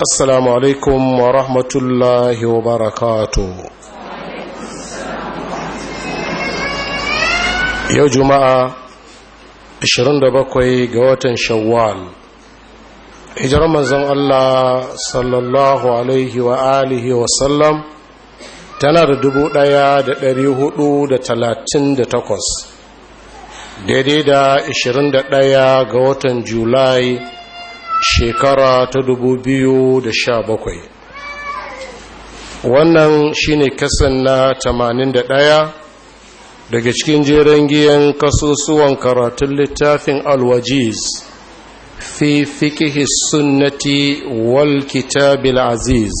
assalamu alaikum wa rahmatullahi wa barakatu yau juma'a 27 ga watan shawwal hijirar manzon Allah sallallahu alaihi wa alihi wa sallam tana da dubu ɗaya da da talatin da takwas, daidai da 21 ga watan julai shekara ta da sha bakwai. wannan shine kasan na tamanin da ɗaya daga cikin jeren giyan kasusuwan karatun littafin alwajiz fi fikihi sunnati wal kitabil aziz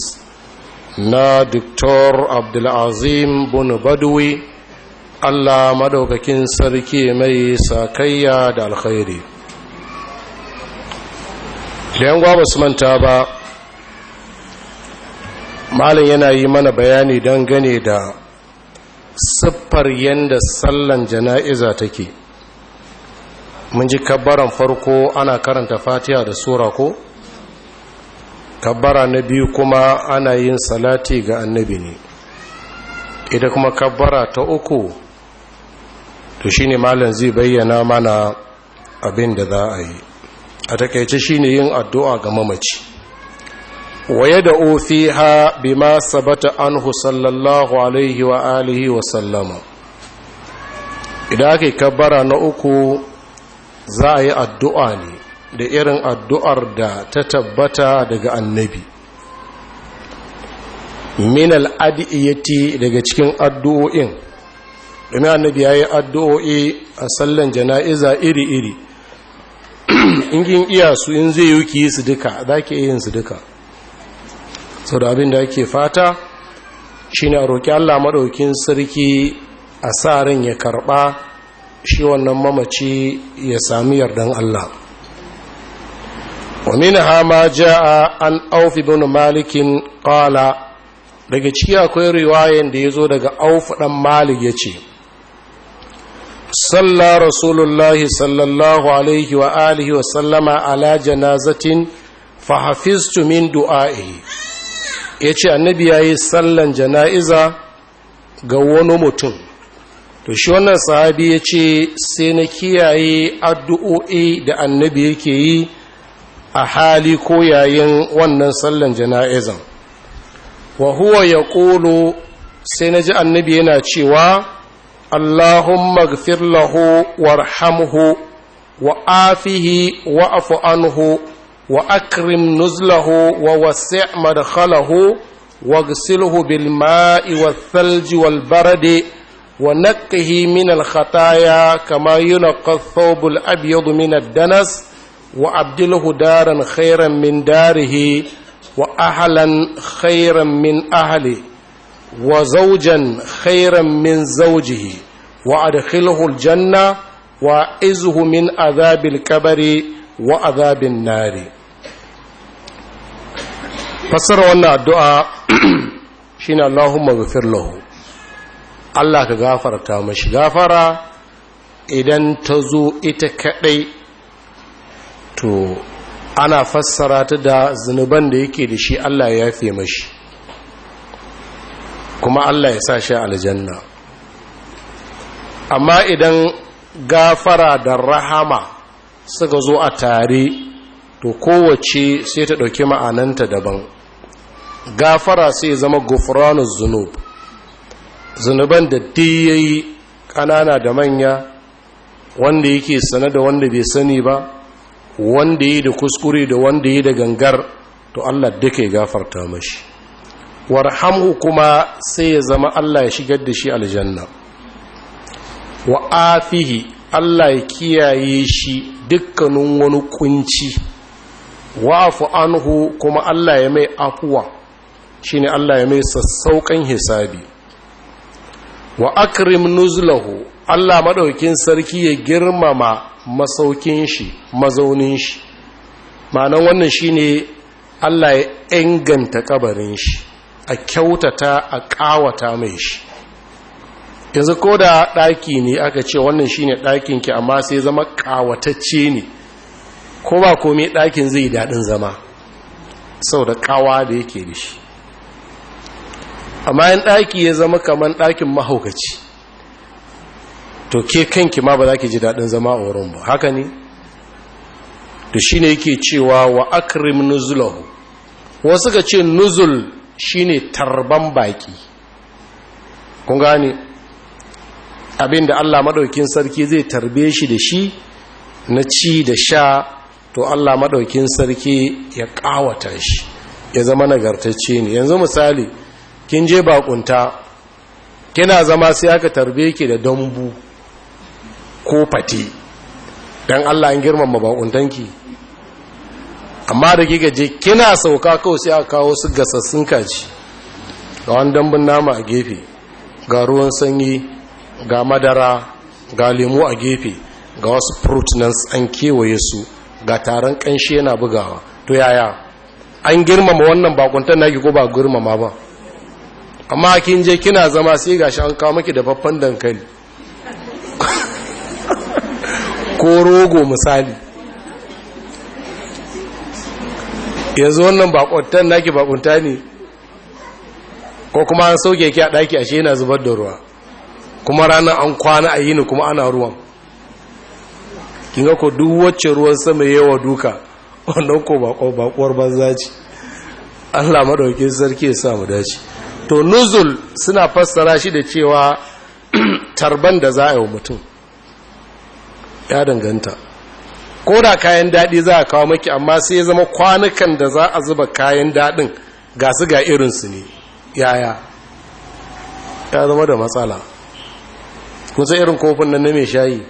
na Dr. abdulazim bin badwi allah madaukakin sarki mai sakayya da alkhairi da yan su manta ba malin yana yi mana bayani don gane da siffar yadda sallan jana'iza take mun ji kabbaran farko ana karanta fatiha da sura ko kabbara na biyu kuma ana yin salati ga annabi ne idan kuma kabbara ta uku to shine malam zai bayyana mana abin da za a yi a takaice shine yin addu'a ga mamaci waye da ofi ha bi ma sabata anhu sallallahu alaihi wa alihi wa sallama idan aka yi kabbara na uku za a yi addu'a ne da irin addu'ar da ta tabbata daga annabi min al'adiyyati daga cikin addu'o'in domin annabi ya yi addu'o'i a sallan jana'iza iri-iri in kin iya su in zai yi ki su duka za ki iya yin su duka sau da abin da ake fata shi ne roƙi allah maɗaukin sarki a sa ran ya karɓa shi wannan mamaci ya sami yardan allah ومنها ما a an aufi bin malikin ƙala daga ciki akwai riwayen da ya zo daga auf ɗan malik ya ce صلى رسول الله صلى الله عليه وآله وسلم على جنازة فحفظت من دعائه yace annabi yayi sallan jana'iza ga wani mutum to shi wannan sahabi yace sai na kiyaye addu'o'i da annabi yake yi a hali ko yayin wannan sallan jana'izan wa huwa ƙolo sai naji annabi yana cewa اللهم اغفر له وارحمه وآفه واعف عنه وأكرم نزله ووسع مدخله واغسله بالماء والثلج والبرد ونقه من الخطايا كما ينقى الثوب الأبيض من الدنس وأبدله دارا خيرا من داره وأهلا خيرا من أهله wa zaujan khairan min zaujihi wa adkhilhu aljanna wa izhu min azabil kabari wa nari fassara wannan addu'a shine Allahumma ghfir lahu Allah ka gafarta mashi gafara idan ta zo ita kadai to ana fassara ta da zunuban da yake da shi Allah ya yafe mashi kuma Allah ya sa shi aljanna amma idan gafara da rahama suka zo a tare to kowace sai ta ɗauki ma'ananta daban gafara sai zama gufranus zunub zunuban da diyayi ƙanana da manya wanda yake sane da wanda bai sani ba wanda yi da kuskure da wanda yi da gangar to Allah duka ya gafarta mashi warhamhu kuma sai ya zama Allah ya shigar da shi aljanna wa afihi Allah ya kiyaye shi dukkanin wani kunci wa'afu anhu kuma Allah ya mai afuwa shine Allah ya mai sassaukan hisabi wa akrim nuzlahu Allah maɗaukin sarki ya girmama masaukin shi mazaunin shi ma'anan wannan shine Allah ya inganta ƙabarin shi a kyautata a kawata mai shi yanzu ko da ɗaki ne aka ce wannan shine ki amma sai zama kawatacce ne ko ba komai ɗakin zai daɗin zama sau da kawa da yake da shi amma yin ɗaki ya zama kamar ɗakin mahaukaci to ke kanki ma ba za ki ji daɗin zama a wurin ba haka ne Da shi ne yake cewa wa akrim nuzulahu wasu ka ce nuzul shine tarban baki kun gani abinda Allah maɗaukin sarki zai tarbe shi da shi na ci da sha to Allah maɗaukin sarki ya ƙawata shi ya zama nagartacce ne yanzu misali kin je bakunta kina zama sai aka tarbe ki da dambu ko fate dan Allah an girmama bakuntanki amma da kika je kina sauka kawai sai a kawo su gasassun kaji ga wani dambun nama a gefe ga ruwan sanyi ga madara ga lemu a gefe ga wasu fruit nan an kewaye su ga taron kanshi yana bugawa to yaya an girmama wannan bakuntar naki ko ba girmama ba amma kin je kina zama sai gashi an kawo miki dafaffen dankali ko rogo misali yanzu wannan na naki bakunta ne ko kuma an sauke ki a daki ashe yana zubar da ruwa kuma ranar an kwana a yini kuma ana ruwan Ki ga ko duk wacce ruwan sama yawa duka wannan ko bakuwar banza ce Allah madaukakin sarki ya samu mu dace to nuzul suna fassara shi da cewa tarban da za a yi wa mutum ya danganta ko da kayan daɗi za a kawo maki amma sai ya zama kwanukan da za a zuba kayan daɗin ga su ga irinsu ne yaya ya zama da matsala kusa irin kofin nan na mai shayi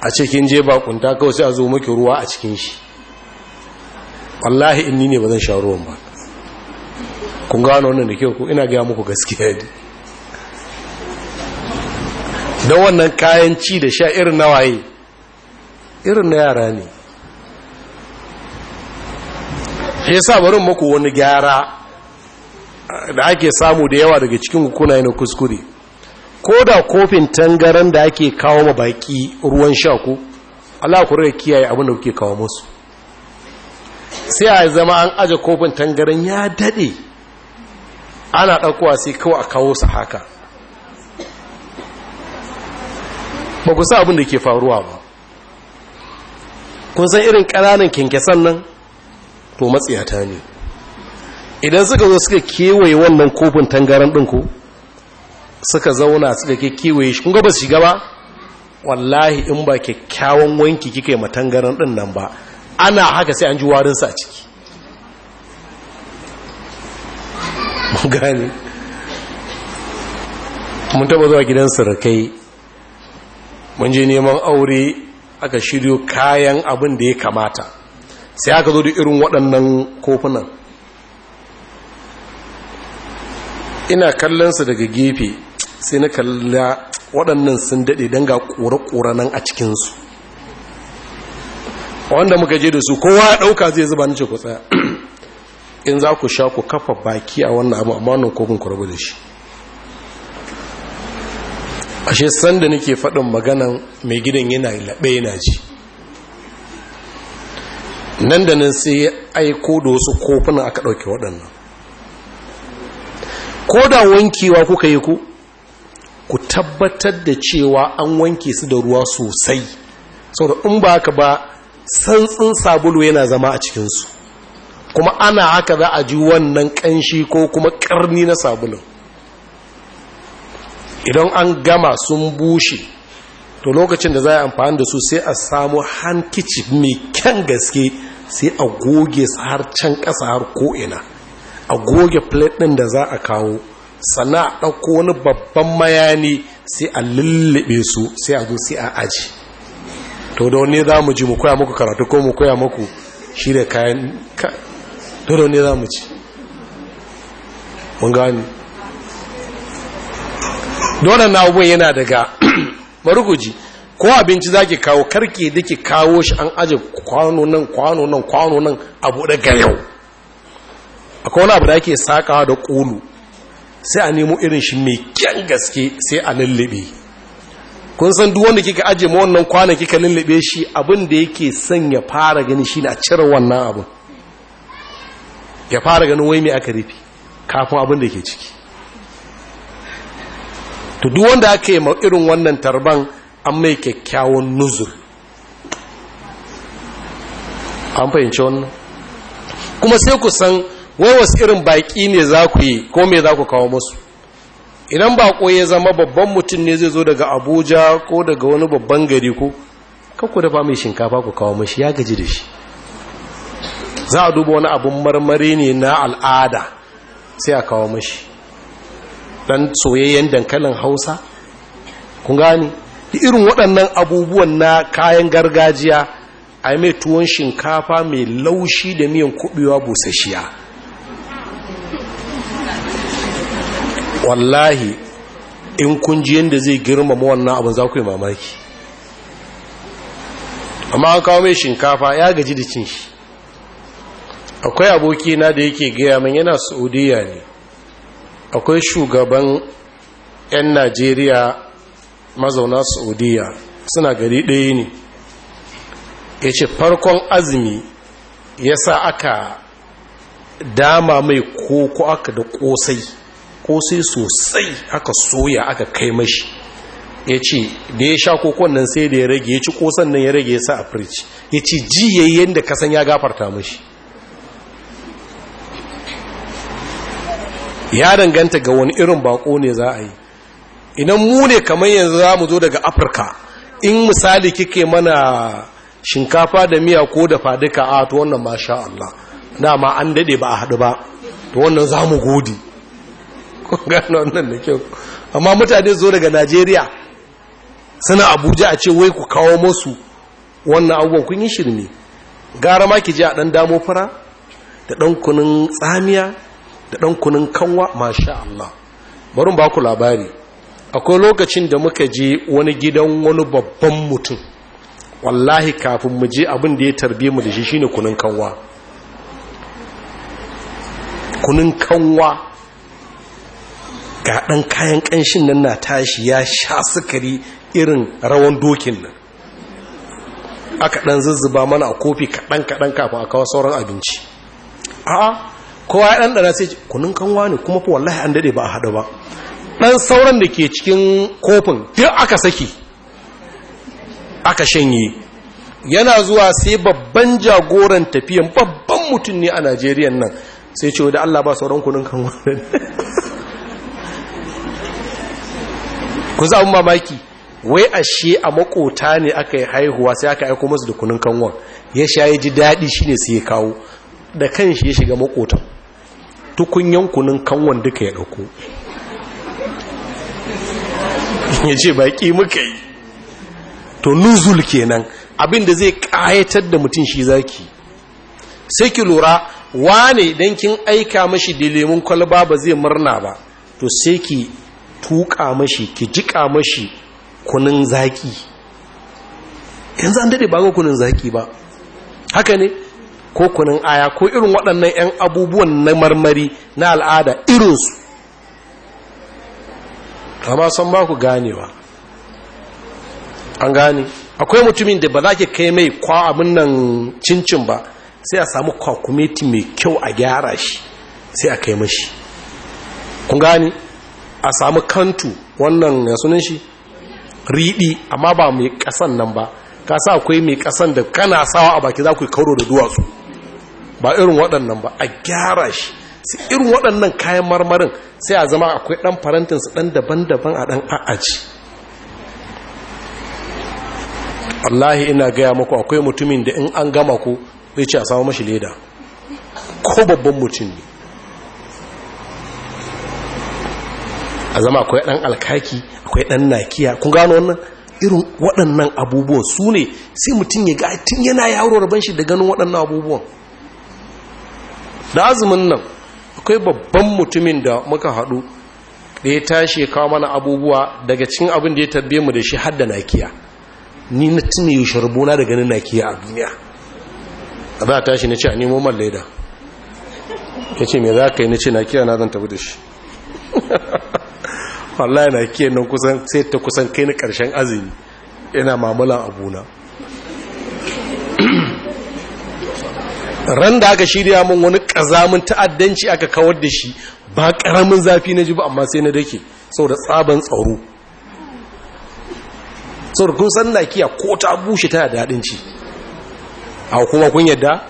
a cikin je bakunta kawai sai a zo maki ruwa a cikin shi wallahi inni ne ba zan sha ruwan ba kun gano wannan da kyau ko ina gaya muku gaskiya yadda. don wannan kayan ci da sha irin nawaye irin na yara ne ya sa barin muku wani gyara da ake samu da yawa daga cikin kuna yana kuskure ko da kofin tangaran da ake kawo ma baki ruwan sha ko Allah ku rage kiyaye abin da kuke kawo musu sai a zama an aje kofin tangaran ya dade ana ɗaukowa sai kawai a kawo su haka ba ku sa abin da ke faruwa ba kun san irin ƙananan kyankyasan nan to matsiyata ne idan suka zo suka kewaye wannan kofin tangaran ɗinku suka zauna suka kewaye shi kun ba su shiga ba wallahi in ba kyakkyawan wanki kika yi matangaran ɗin nan ba ana haka sai an ji warinsa a ciki gane mun taba zuwa gidan sarakai mun je neman aure aka shiryo kayan abin da ya kamata sai aka zo da irin waɗannan kofunan ina kallonsa daga gefe sai na kalla waɗannan sun daɗe don ga ƙura nan a cikinsu wanda muka je da su kowa ya ɗauka zai zuba nace ku tsaya in za ku sha ku kafa baki a wannan abu amma wannan kofin ku rabu da shi ashe sanda nake faɗin maganan mai gidan yana laɓe yana ji nan da nan sai ya aiko da wasu kofunan aka ɗauke waɗannan ko da wankewa kuka yi ku ku tabbatar da cewa an wanke su da ruwa sosai saboda in ba ka ba santsin sabulu yana zama a cikinsu kuma ana haka za a ji wannan ƙanshi ko kuma ƙarni na sabulun idan an gama sun bushe to lokacin da za a amfani da su sai a samu hankici mai kyan gaske sai a goge su har can ƙasa har ko'ina a goge platin ɗin da za a kawo sannan a ɗauko wani babban mayani sai a lullube su sai a zo sai a aji to da wani za mu ji mu koya muku karatu ko mu koya muku shi da kayan to da wani za mu ji mun gani dole na abubuwan yana daga maruguji ko abinci za ki kawo karki da ki kawo shi an aji kwano nan kwano nan kwano nan abu daga yau akwai wani abu da ake sakawa da kulu, sai a nemo irin shi mai kyan gaske sai a lullube kun san duk wanda kika aje ma wannan kwanan kika lullube shi abin da yake son ya fara gani shi na cire wannan abin ya fara ganin wai mai aka rufe kafin abin da ke ciki to duk wanda aka yi irin wannan tarban an mai kyakkyawan nuzur an fahimci wannan kuma sai ku san wai wasu irin baƙi ne za ku yi ko me za ku kawo musu idan baƙo ya zama babban mutum ne zai zo daga abuja ko daga wani babban gari ko kanku dafa mai shinkafa ku kawo mashi ya gaji da shi za a duba wani abin marmari ne na al'ada sai a kawo mashi dan soyayyen dankalin hausa ku gani irin waɗannan abubuwan na kayan gargajiya a mai tuwon shinkafa mai laushi da miyan kuɓewa busashiya. wallahi in kunji ji yadda zai girmama wannan abin za ku yi mamaki amma an kawo mai shinkafa ya gaji da cin shi akwai abokina da yake gaya min yana saudiya ne akwai shugaban 'yan najeriya mazauna saudiya suna gari ɗaya ne ya ce farkon azumi ya sa aka dama mai koko aka da ƙosai ƙosai sosai aka soya aka kai mashi ya ce da ya sha kokon nan sai da ya rage ya ci kosan nan ya rage ya sa a firci ya ce ji yayi yadda kasan ya gafarta mashi ya danganta ga wani irin bako ne za a yi idan mu ne kamar yanzu za mu zo daga afirka in misali kike mana shinkafa da miya ko da fadika a to wannan masha Allah dama an dade ba a haɗu ba to wannan za mu gode gano wannan da kyau amma mutane zo daga najeriya suna abuja a ce wai ku kawo masu wannan abubuwan kun yi shirme gara ma ki ji a ɗan damo fara da ɗan kunin tsamiya da ɗan kunun kanwa masha Allah barin ba ku labari akwai lokacin da muka je wani gidan wani babban mutum wallahi kafin mu je abin da ya tarbe mu da shi shine kunun kanwa Kunun kanwa ga ɗan kayan ƙanshin nan na tashi ya sha sukari irin rawan dokin nan aka ɗan zuzzuba mana a kofi kaɗan-kaɗan kafin a kawo sauran abinci a'a kowa ya ɗanɗara sai kunun kanwa ne kuma fi wallahi an daɗe ba a haɗu ba ɗan sauran da ke cikin kofin duk aka saki aka shanye yana zuwa sai babban jagoran tafiyan babban mutum ne a najeriya nan sai ce da allah ba sauran kunun kanwa ne ku za mamaki wai ashe a makota ne aka yi haihuwa sai aka aiko masu da kunun kanwa ya sha ya ji daɗi shine sai ya kawo da kan shi ya shiga makotan tukunyan kunun kanwan duka ya ɗauko ya ce baƙi muka yi to nuzul kenan abinda zai ƙayatar da mutum shi zaki sai ki lura wane idan kin aika mashi da lemun kwalaba ba zai murna ba to sai ki tuka mashi ki jika mashi kunun zaki yanzu an daɗe ba ga kunun zaki ba haka ne ko kunin aya ko irin waɗannan 'yan abubuwan na marmari na al'ada irinsu amma san ba ku ganewa an gane akwai mutumin da ba za ki kai mai kwa abin nan cincin ba sai a samu kwakumeti mai kyau a gyara shi sai a kai mashi kun gane a samu kantu wannan ya sunan shi riɗi amma ba mai ƙasan nan ba ka sa akwai mai ƙasan da kana sawa a baki za ku yi kauro da duwatsu ba irin waɗannan ba a gyara shi su irin waɗannan kayan marmarin sai a zama akwai ɗan farantinsu ɗan daban-daban a ɗan a'aji wallahi ina gaya maku akwai mutumin da in an gama ku zai ce a samu mashi leda ko babban mutum ne a zama akwai ɗan alkaki akwai ɗan nakiya kun gano wannan irin waɗannan abubuwan su ne sai mutum ya ga tun yana yaro rabon shi da ganin waɗannan abubuwan da azumin nan akwai babban mutumin da muka haɗu da ya tashi ya kawo mana abubuwa daga cikin abin da ya tabbe mu da shi hadda nakiya ni na tuni yi sharbona da ganin nakiya a duniya a za a tashi na ce a nemo man laida. ya ce mai za ka yi na ce nakiya na zan tafi da shi wallahi nakiya nan kusan sai ta kusan kai na ƙarshen azumi yana mamulan abuna ran da aka shirya min wani ƙazamin ta'addanci aka kawar da shi ba ƙaramin zafi na ji amma sai na dake saboda tsaban tsaro saboda kun san kiya ko ta bushe tana daɗin ci a kuma kun yadda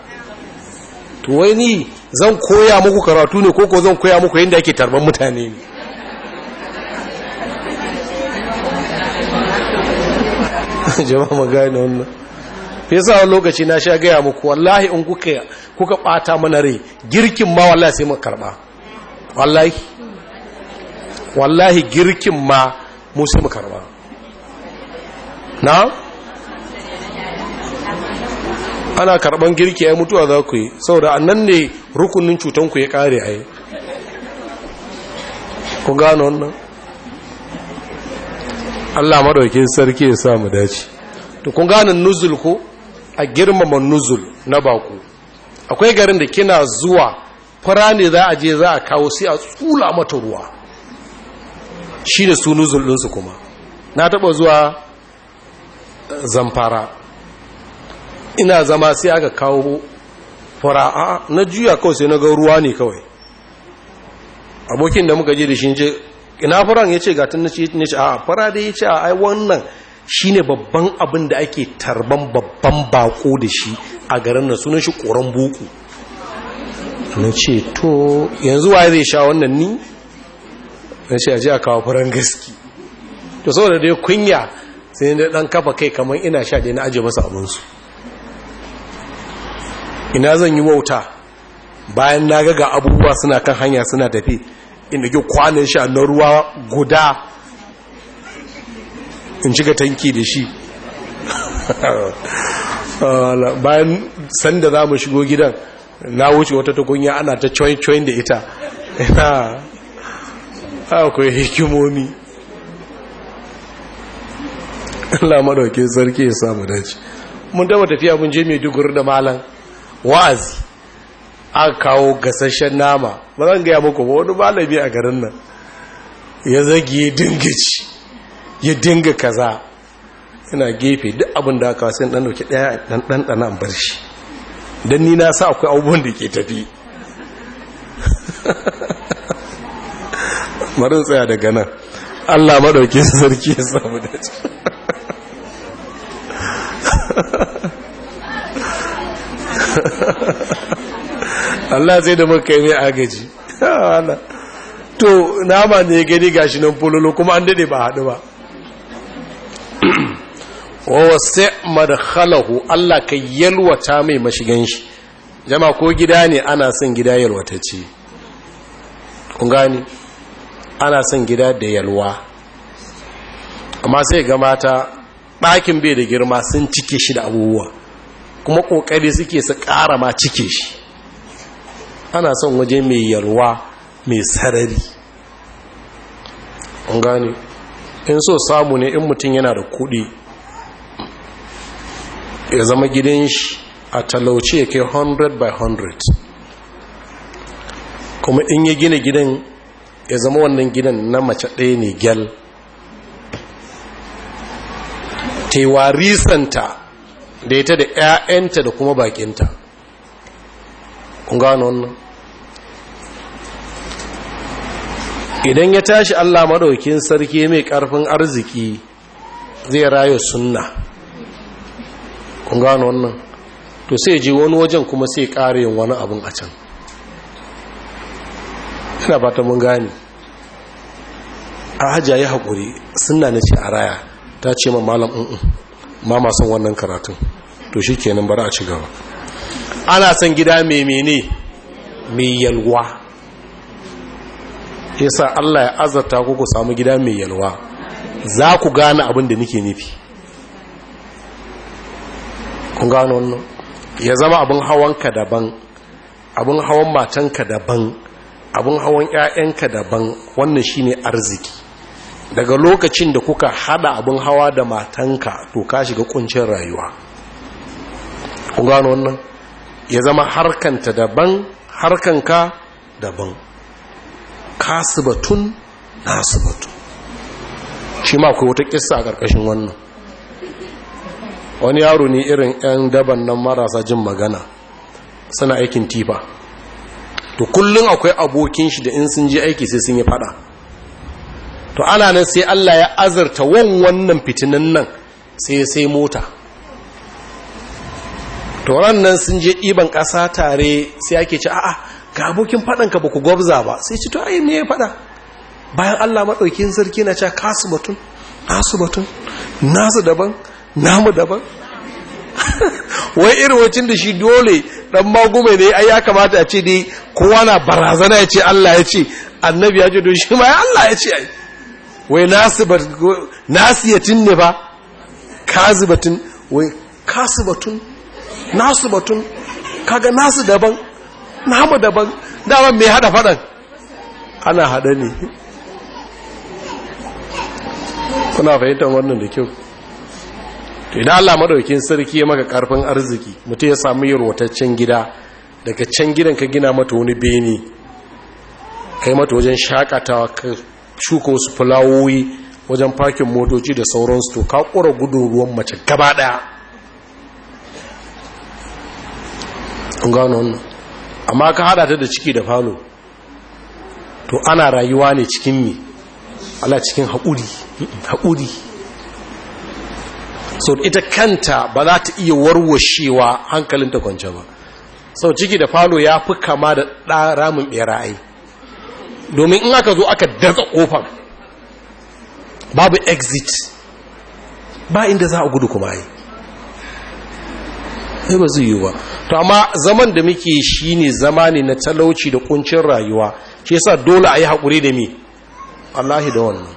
to ni zan koya muku karatu ne ko zan koya muku yadda ake tarban mutane ne jama'a magana wannan fi yasa wani lokaci na sha gaya muku wallahi in kuka kuka bata mana rai girkin ma wallahi sai mun karba wallahi wallahi girkin ma mu sai mu karba na ana karban girki ya mutuwa za ku yi saboda annan ne rukunin ku ya kare a yi ku gano wannan Allah maɗaukin sarki ya samu dace to kun gane nuzul ko a girmama nuzul na baku akwai garin da kina zuwa fara ne za a je za a kawo sai a tsula mata ruwa shi da su nuzul ɗinsu kuma na taɓa zuwa zamfara ina zama sai aka kawo fara na juya kawai sai na ga ruwa ne kawai abokin da muka je da shi ina fara ya ce gatun na ce a fara da ya ce a wannan shi ne babban abin da ake tarban babban bako da shi a garin nan sunan shi koren buku na ce to yanzu waye zai sha wannan ni na ce ji a kawo furen gaski to saboda dai kunya sai da dan kafa kai kamar ina sha dai na aje masa abinsu ina zan yi wauta bayan na ga abubuwa suna kan hanya suna tafi inda ke kwanan sha na ruwa guda in cika tanki da shi bayan sanda za mu shigo gidan na wuce wata tukunya ana ta coin-coin da ita ina akwai hikimomi Allah madauke sarki ya samu dace mun dama tafiya mun je mai duguri da malam wa'azi aka kawo gasashen nama ba zan gaya muku ba wani malami a garin nan ya zage dingici ya dinga kaza ina gefe duk abin da aka sun ɗanɗauki ɗaya daya dan dan bar shi don ni na sa akwai abubuwan da ke tafi marin tsaya daga nan Allah maɗauki su sarki ya samu da ci Allah zai da maka yi agaji to nama ne gani gashi nan fololo kuma an dade ba haɗu ba wa wasi madkhalahu Allah ka yalwata mai mashigan shi jama ko gida ne ana son gida yalwatacce kun gani ana son gida da yalwa amma sai ga mata ɗakin bai da girma sun cike shi da abubuwa kuma ƙoƙari suke su ƙara ma cike shi ana son waje mai yalwa mai sarari ƙungani in so samu ne in mutum yana da kuɗi ya zama gidan shi a talauci ya kai 100 by 100 kuma in ya gina gidan ya zama wannan gidan na mace ɗaya ne gyal tewa risanta da ita da 'ya'yanta da kuma bakinta kun gano wannan idan ya tashi Allah maɗaukin sarki mai ƙarfin arziki zai rayu sunna kun gano wannan to sai ji wani wajen kuma sai ƙare yin wani abin a can ina ba ta mun gani a hajja ya haƙuri sunna na ce a raya ta ce ma malam un'un ma masu wannan karatun to shi kenan bara a ci gaba ana son gida mai mene mai yalwa yasa Allah ya azarta ku ku samu gida mai yalwa za ku gane abin da nake nufi kun gano wannan ya zama abin hawanka daban abin hawan matanka daban abin hawan 'ya'yanka daban wannan shine arziki daga lokacin da kuka hada abin hawa da matanka to ka shiga kuncin rayuwa kun gano wannan ya zama harkanta daban harkanka daban kasibatun nasibatu shi ma akwai wata kissa a ƙarƙashin wannan wani yaro ne irin 'yan daban nan marasa jin magana suna aikin tifa to kullum akwai abokin shi da in sun je aiki sai sun yi fada to ana nan sai Allah ya azarta wan wannan fitinan nan sai sai mota to nan sun je ɗiban ƙasa tare sai ake ci a'a ga abokin faɗanka ba ku gwabza ba sai ci to ne ya faɗa bayan Allah maɗaukin sarki na cewa kasu batun nasu batun nasu daban namu daban wai irin wacin da shi dole dan magume ne ai ya kamata a ce dai kowa na barazana ya ce Allah ya ce annabi ya ce don shi ma Allah ya ce ai wai nasiyatin ne ba batun wai batun nasu batun kaga nasu daban namu daban daban mai hada fadan ana hada ne kuna fahimtar wannan da kyau idan Allah maɗaukin sarki ya maka karfin arziki mutum ya samu yarwataccen gida daga can gidan ka gina mata wani beni kai mata wajen shakatawa ka shuka wasu fulawoyi wajen fakin motoci da sauransu to ka ƙura gudun ruwan mace gaba ɗaya wannan amma ka hada ta da ciki da falo to ana rayuwa ne cikin mi ala cikin haƙuri haƙuri so ita kanta ba za ta iya warwashewa hankalinta kwance ba sau ciki da falo ya fi kama da ɗa ramin ɓera'ai, domin in aka zo aka daga ƙofar babu exit ba inda za a gudu kuma yi ai ba zai yi ba to amma zaman da muke shi ne zama ne na talauci da kuncin rayuwa shi yasa dole a yi haƙuri da mi Allah da wannan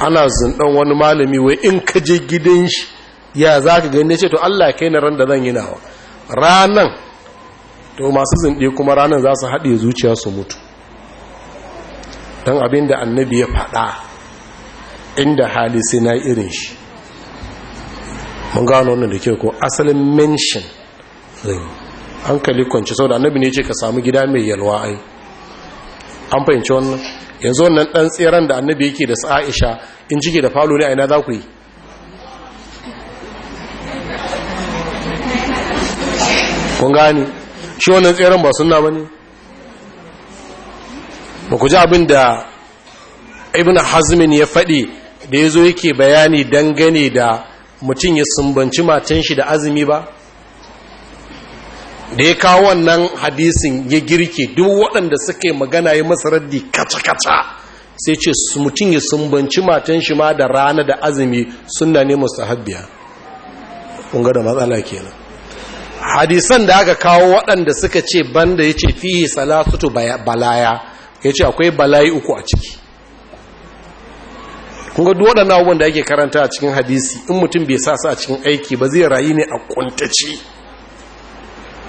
ana zindan wani malami wai in ka je gidan shi ya za ka gani ce to allah kai na ran da zan yi nawa ranan to masu zinɗe kuma ranan za su haɗe zuciya su mutu don abinda annabi ya faɗa inda hali sai na irin shi mun gano wannan da ke ko asalin mention zai hankali kwanci sau da annabi ne ce ka samu gida mai yalwa ai an fahimci wannan yanzu wannan ɗan tseren da annabi yake da sa'aisha in cike da falo ne a ina za ku yi kun gani shi wannan tseren ba suna ba ne ba ku ji abin da ibn hazmin ya faɗi da ya zo yake bayani dangane da mutum ya sumbanci matan shi da azumi ba da ya kawo wannan hadisin ya girke duk waɗanda suka yi magana ya masa raddi kata kaca sai ce mutum ya sumbanci matan shi ma da rana da azumi suna ne mustahabbiya ƙunga da matsala kenan hadisan da aka kawo waɗanda suka ce banda ya ce fiye salasutu balaya ya ce akwai balayi uku a ciki Kunga duk waɗannan abubuwan da ake karanta a cikin hadisi in mutum bai sa su a cikin aiki ba zai rayu ne a kuntace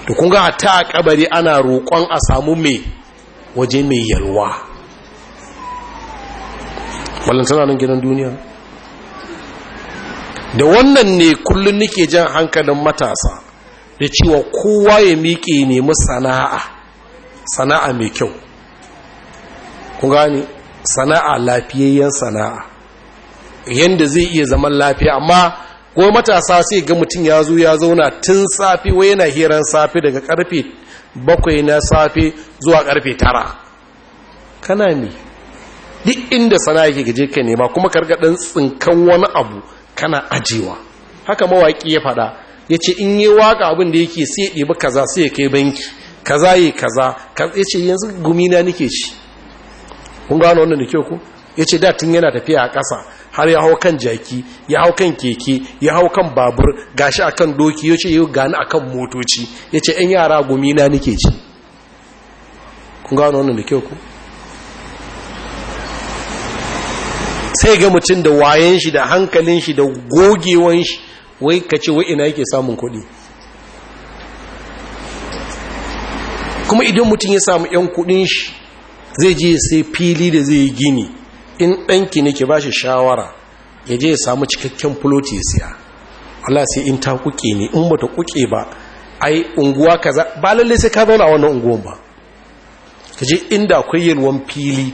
to kun ga ta a kabari ana roƙon a samu mai waje mai yalwa tana nan gidan duniya da wannan ne kullum nake jan hankalin matasa da cewa kowa ya miƙe nemi sana'a sana'a mai kyau ku gani sana'a lafiyayyen sana'a yanda zai iya zaman lafiya amma ko matasa sai ga mutum ya zo ya zauna tun safe wai yana hiran safe daga karfe bakwai na safe zuwa karfe tara kana ne duk inda sana yake gaje ka nema kuma karga ɗan tsinkan wani abu kana ajiwa haka mawaki ya faɗa ya ce in yi waka abin da yake sai ya ɗibi kaza sai ya kai banki kaza yi kaza ya ce yanzu gumina nake ci kun gano wannan da kyau ku ya ce da tun yana tafiya a ƙasa har ya hau kan jaki ya hau kan keke ya hau kan babur gashi akan doki yace yau gani akan motoci yace ɗan yara gumi na nake ci kun gano wannan da kyau ku sai ga mutum da wayan shi da hankalin shi da gogewan shi wai ka ce wai ina yake samun kuɗi kuma idan mutum ya samu 'yan kuɗin shi zai je sai fili da zai yi gini in ɗanki ne ki ba shi shawara ya je ya samu cikakken fuloti siya Allah sai in ta kuke ne in ba ta kuke ba ai unguwa kaza ba lalle sai ka zauna a wannan unguwan ba ka je inda akwai yalwan fili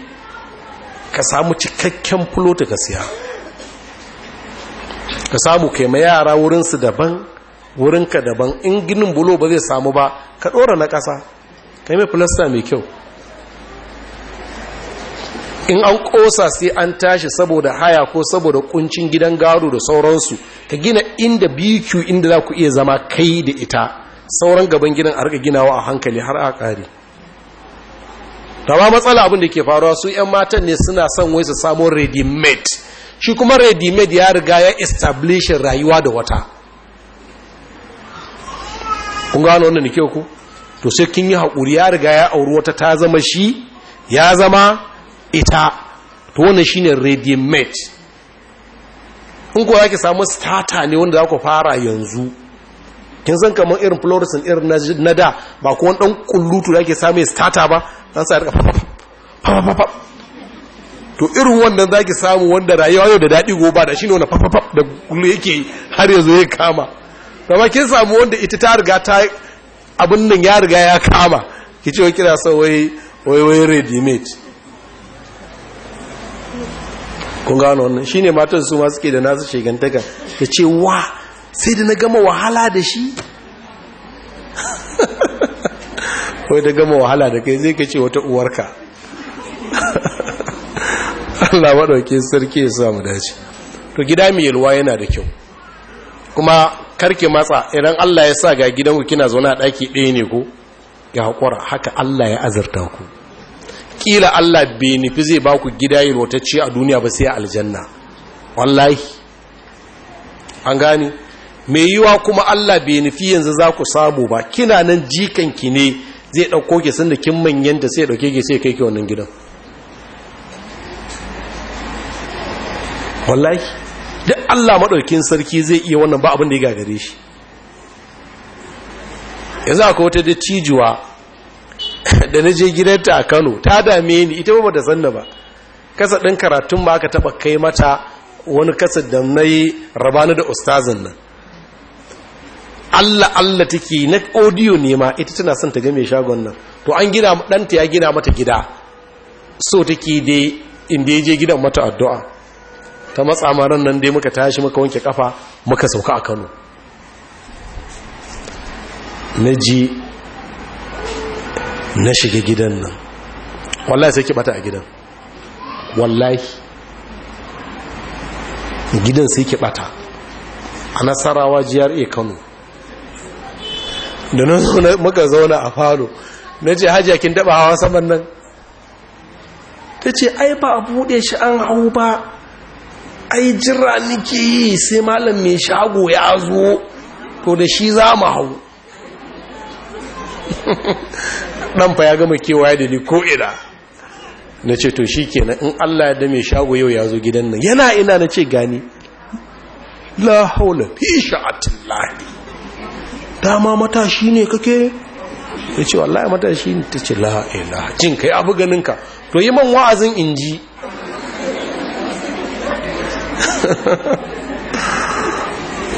ka samu cikakken fuloti ka siya ka samu kai ma yara wurinsu daban wurinka daban in ginin bulo ba zai samu ba ka ɗora na ƙasa ka yi mai filasta mai kyau in an ƙosa sai an tashi saboda haya ko saboda kuncin gidan gado da sauransu ka gina inda bq inda za ku iya zama kai da ita sauran gaban gidan a rika ginawa a hankali har a ƙare tama matsala abin da ke faruwa su 'yan matan ne suna son wai su samu ready-made shi kuma ready-made ya riga ya establishin rayuwa da wata kun gano wannan da kyau ku to sai kin yi haƙuri ya riga ya auri wata ta zama shi ya zama ita to wannan shine ready made in ko yake samu starter ne wanda za ku fara yanzu kin san kamar irin fluorescent irin na da ba ko dan kullutu da samu starter ba dan sai ka papapap to irin wannan zaki ki samu wanda rayuwa yau da daɗi goba da shine wannan papapap da kullu yake har yanzu ya kama amma kin samu wanda ita ta riga ta abin nan ya riga ya kama ki ce wa kira sa wai wai wai ready made kun gano wannan shine matan su ma suke da nasu shegantaka da ce wa sai da na gama wahala da shi wai da gama wahala da kai zai kace wata uwarka Allah madauke sarki ya samu dace to gida mai yalwa yana da kyau kuma karki matsa idan Allah ya sa ga gidanku kina zaune a daki ɗaya ne ko ya haƙura haka Allah ya azarta ku kila Allah bai nufi zai ba ku gida yalwatacce a duniya ba sai aljanna wallahi an gani mai yiwa kuma Allah bai nufi yanzu za ku samu ba kina nan jikanki ne zai ɗauko ki sanda kin manyan da sai ɗauke ke sai kai ke wannan gidan wallahi duk Allah maɗaukin sarki zai iya wannan ba abin da ya gagare shi yanzu akwai wata dattijuwa da na je gidanta a kano ta dame ni ita ba da zanna ba kasa ɗin karatun ba aka taɓa kai mata wani kasa da na yi rabani da ustazin nan allah allah take na audio ne ma ita tana son ta game shagon nan to an gina ɗanta ya gina mata gida so take dai inda ya je gidan mata addu'a ta matsa maran nan dai muka tashi muka wanke kafa muka sauka a kano na ji na shiga gidan nan wallahi sai ki a gidan wallahi gidan sai ki bata a nasarawa GRA Kano da nan muka zauna a falo na ce hajiya kin taba hawa saman nan ta ce ai ba a buɗe shi an hau ba ai jira nike yi sai malam mai shago ya zo to da shi za mu hau dan fa ya gama kewaya da ni ko ina na ce to shi kenan in Allah ya dame shago yau ya zo gidan nan yana ina na ce gani la haula fi sha'atillahi dama matashi ne kake ya ce wallahi matashi ne ta ce la ilaha jin kai abu ganinka to yi man wa'azin inji.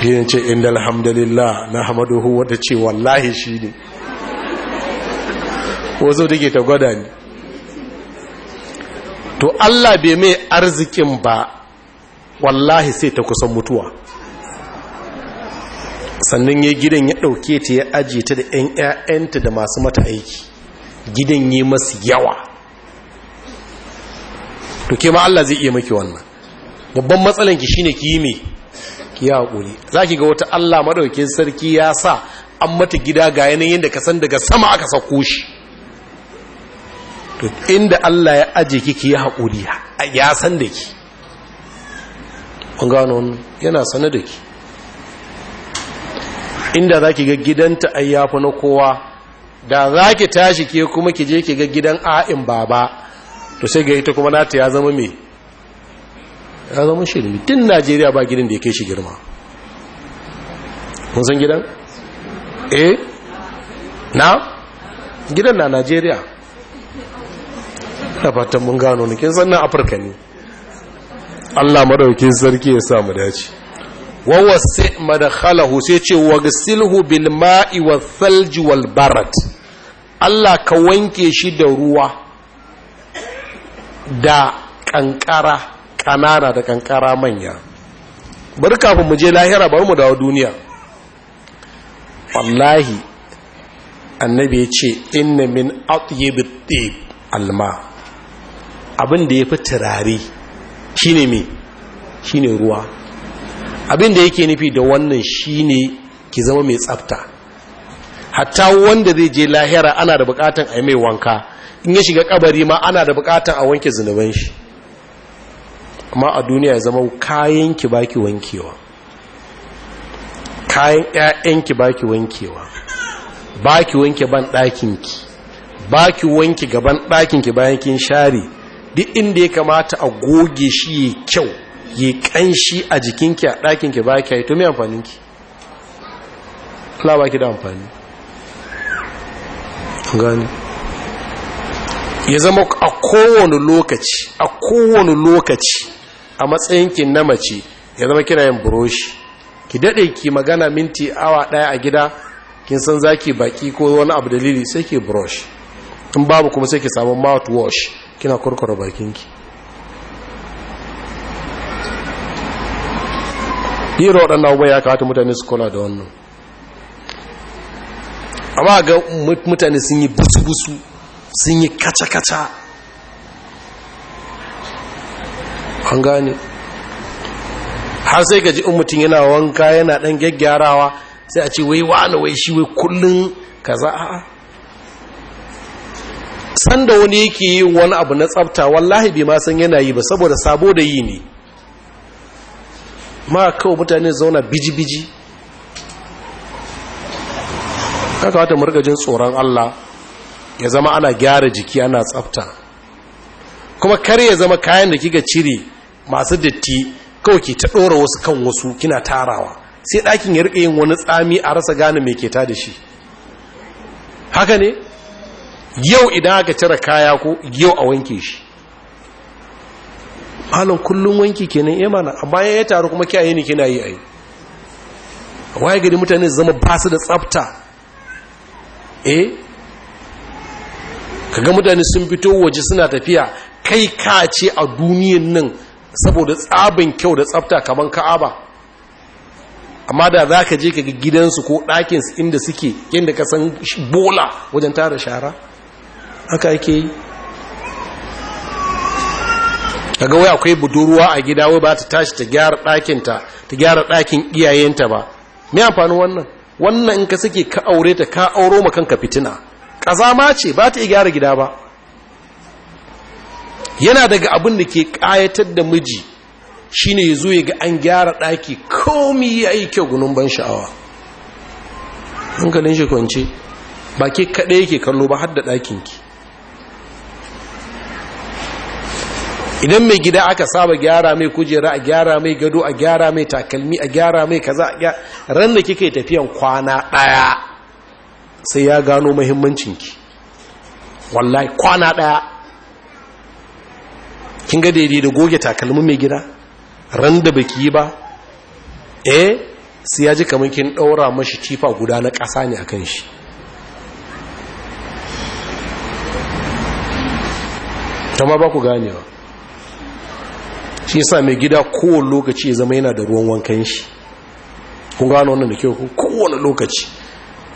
ji yin ce inda alhamdulillah na huwa ta ce wallahi shi ne ko zo take ta gwada ne to Allah bai mai arzikin ba wallahi sai ta kusan mutuwa sannan ya gidan ya ɗauke ta ya ajiye ta da 'yan 'ya'yanta da masu mata aiki gidan yi masu yawa to ke Allah zai iya maki wannan babban matsalanki shine ki yi mai ki haƙuri za ki ga wata Allah maɗaukin sarki ya sa an mata gida ga yanayin da ka san daga sama aka sauko shi to inda Allah ya aje kiki ya haƙuri ya san da ki kun yana sane da ki inda za ki ga gidanta ai na kowa da za ki tashi ke kuma ki je ki ga gidan a'in baba to sai ga ita kuma nata ya zama mai. ya zama shirmi tun najeriya ba gidan da ya kai shi girma kun san gidan? eh na? gidan na najeriya na fata mun gano ne kin na afirka ne allah madaukin sarki ya sa mu dace Wa wasi madakhalahu sai ce gsilhu bil ma'i wa thalj wal barat allah ka wanke shi da ruwa da kankara kanana da kankara manya bari kafin mu je lahira bari mu dawo duniya wallahi annabi ya ce inna min atyibit tib alma abin da ya fi turare mai shi ne ruwa abin da yake nufi da wannan shi ne ki zama mai tsafta hatta wanda zai je lahira ana da bukatan a yi mai wanka in ya shiga kabari ma ana da bukatan a wanke zunuban shi amma a duniya zama kayan ki baki wankewa kayan ƴaƴan ki baki wankewa baki wanke ban ɗakin ki baki wanke gaban ɗakin ki bayan kin share duk inda ya kamata a goge shi ya kyau ya kanshi a jikinki a ɗakinki ba ki yi to mai amfaninki ba da amfani gani ya zama a kowane lokaci a kowane lokaci a matsayinki na mace ya zama kina yin buroshi ki daɗe ki magana minti awa ɗaya a gida kin san zaki baki ko wani abu dalili sai ki buroshi, in babu kuma sai ki samu mouthwash kina kurkura bakinki hira waɗannan abubuwa ya kawata mutane su kula da wannan amma ga mutane sun yi busu-busu sun yi kaca-kaca an gane har sai gaji in mutum yana wanka yana ɗan gyaggyarawa sai a ce wai wani wai shi wai kullum kaza a sanda wani yake yi wani abu na tsafta wallahi bai ma san yana yi ba saboda sabo da yi ne ma kawai mutane zauna biji-biji kaka wata murgajin tsoron Allah ya zama ana gyara jiki ana tsafta kuma kar ya zama kayan da kika cire masu datti kawai ke ta ɗora wasu kan wasu kina tarawa sai ɗakin ya riƙe yin wani tsami a rasa gane mai keta da shi haka ne yau idan aka cire kaya ko yau a wanke shi halin kullum wanki kenan ya eh mana a bayan ya taru kuma kiyaye ne kina yi a yi waye gari mutane zama ba su da tsafta eh kaga mutane sun fito waje suna tafiya kai ka ce a duniyan nan saboda tsabin kyau da tsafta kaman ka'aba amma da za ka je ka ga gidansu ko ɗakinsu inda suke inda ka san bola wajen tara shara haka ake yi daga waya akwai budurwa a gida wai ba ta tashi ta gyara ɗakinta ta gyara ɗakin iyayenta ba me amfanin wannan wannan in ka sake ka aure ta ka auro ma kanka fitina ma ce ba ta gyara gida ba yana daga abin da ke ƙayatar da miji shine ya zo ya ga an gyara ɗaki komi ya yi kyau gunun ban sha'awa hankalin shi kwance ba ke kaɗai yake kallo ba har da ɗakinki idan mai gida aka saba gyara mai kujera a gyara mai gado a gyara mai takalmi a gyara mai kaza a ran da yi tafiyan kwana daya sai ya gano ki wallahi kwana daya kin ga daidai da goge takalmi mai gida ran da baki yi ba eh sai ya ji kamar kin daura mashi tifa guda na kasa ne a kan shi Tama ba ku ganewa shi yasa mai gida kowane lokaci ya zama yana da ruwan wankan shi kun gano wannan da kyau kowane lokaci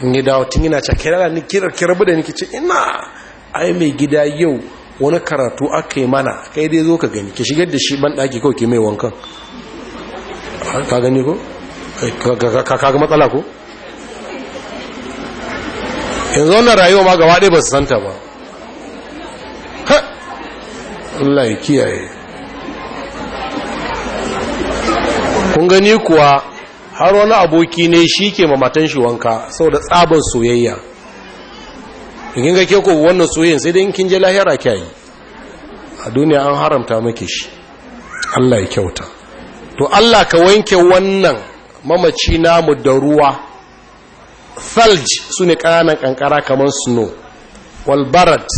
in yi dawo tun yana cakira ni kirar kirar da nake ce ina ai mai gida yau wani karatu aka yi mana kai dai zo ka gani ki shigar da shi ban daki kawai ke mai wankan ka gani ko ka ga matsala ko yanzu wannan rayuwa ma gaba ɗaya ba su santa ba ha Allah ya kiyaye kun gani kuwa har wani aboki ne shi ke mamatan shi wanka saboda tsabar soyayya ingin ga ke ko wannan soyayyan sai dai kin je lahira kyayi a duniya an haramta maki shi Allah ya kyauta to Allah ka wanke wannan mamaci namu da ruwa thalj ne ƙananan kankara kamar snow Walbarat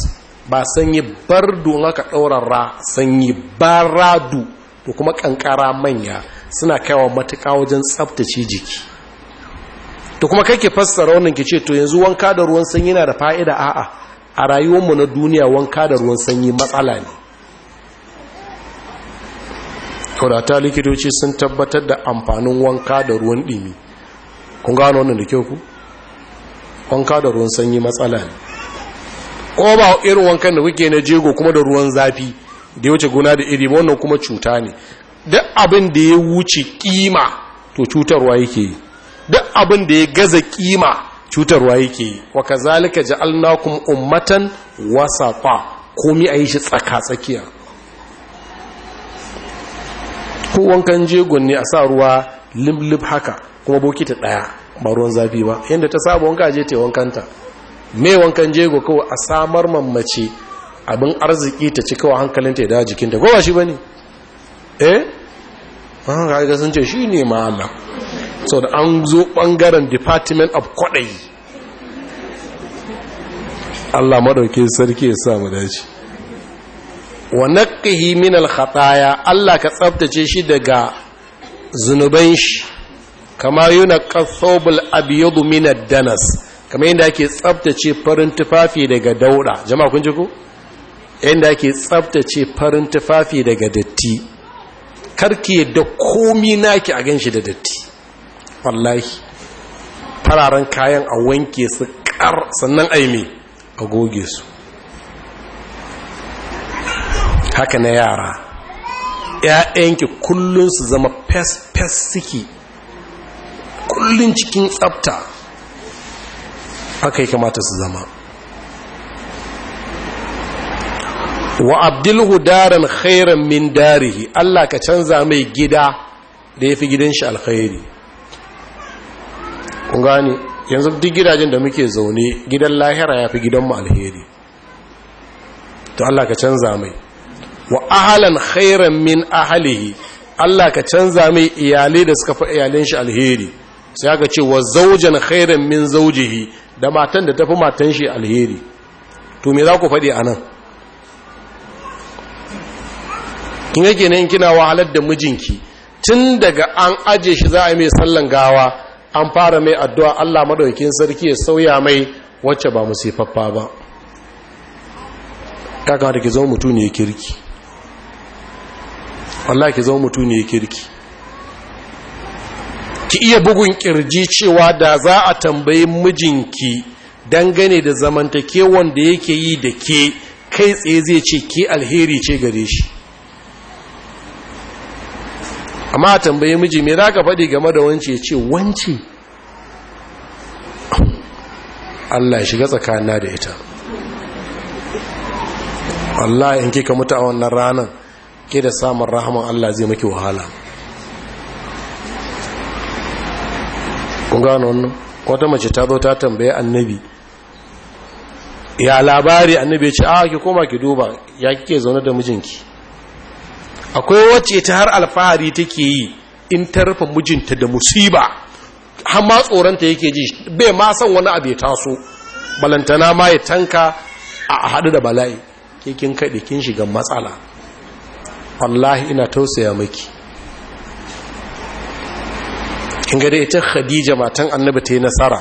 ba sanyi bardu in aka sanyi baradu to kuma kankara manya suna kaiwa matuƙa wajen tsabtace jiki to kuma ke fassara wannan ke ce to yanzu wanka da ruwan sanyi na da fa'ida a'a a rayuwarmu na duniya wanka da ruwan sanyi matsala ne taurata likitoci sun tabbatar da amfanin wanka da ruwan ɗimi kun gano wannan da kyau ku wanka da ruwan sanyi matsala ne ko ba irin wankan da kuke na jego kuma da ruwan zafi da ya wuce gona da iri wannan kuma cuta ne duk abin da ya wuce kima to cutarwa yake yi duk abin da ya gaza kima cutarwa yake yi wa kazalika ja'alnakum ummatan wasafa komi a yi shi tsaka-tsakiya ko wankan jegon ne a sa ruwa limlib haka kuma bokita daya ba ruwan zafi ba yadda ta saba wanka je ta wankanta mai wankan jego ko a samar mamace abin arziki ta ci kawai hankalinta ya dawa jikinta gowa shi ba ne eh ba haka sun ce shi ne ma'ana. So, da an zo ɓangaren department of kwaɗayi allah maɗauki sarki ya samu daji wa naƙihi min alkhataya allah ka tsabtace shi daga zunuban shi kama yuna ƙasobul abiyadu min danas kama yadda ake tsabtace farin tufafi daga Dauda. jama'a kun ji ku yadda ake tsabtace farin tufafi daga datti karki da komi naki a ganshi da datti wallahi fararen kayan a wanke su kar sannan aimi a goge su haka na yara ‘ya'yanki kullum su zama fes-fes suke kullum cikin tsafta, haka yi kamata su zama wa abdilhu daran khairan min darihi Allah ka canza mai gida da ya fi gidan shi alkhairi kun gani yanzu duk gidajen da muke zaune gidan lahira ya fi gidanmu alheri to Allah ka canza mai wa ahalan khairan min ahalihi Allah ka canza mai iyalai da suka fi iyalin shi alheri sai aka ce wa zaujan khairan min zaujihi da matan da tafi matan shi alheri to me za ku faɗi anan? nan kin yake nan kina wahalar da mijinki tun daga an aje shi za a yi mai sallan gawa an fara mai addu'a Allah maɗaukin sarki ya sauya mai wacce ba musifaffa ba ta da ke zo mutu ne kirki Allah ke zo mutu ne kirki ki iya bugun kirji cewa da za a tambayi mijinki dangane da zamantakewan da yake yi da ke kai tsaye zai ce ke alheri ce gare shi amma tambaye miji me za ka faɗi game da wance ya ce wance Allah ya shiga tsakanina da ita Allah in kika mutu a wannan ranar ke da samun rahaman Allah zai maki wahala kun wannan wata mace ta zo ta tambaye annabi ya labari annabi ya ce a ah, ki koma ki duba ya kike zaune da mijinki akwai wacce ta har alfahari take yi in ta rufe mijinta da musiba har ma tsoronta yake ji bai ma san wani abu ya taso balantana ma ya tanka a haɗu da bala'i ke kin kaɗe kin shiga matsala wallahi ina tausaya maki in gada ita khadija matan annabi ta yi nasara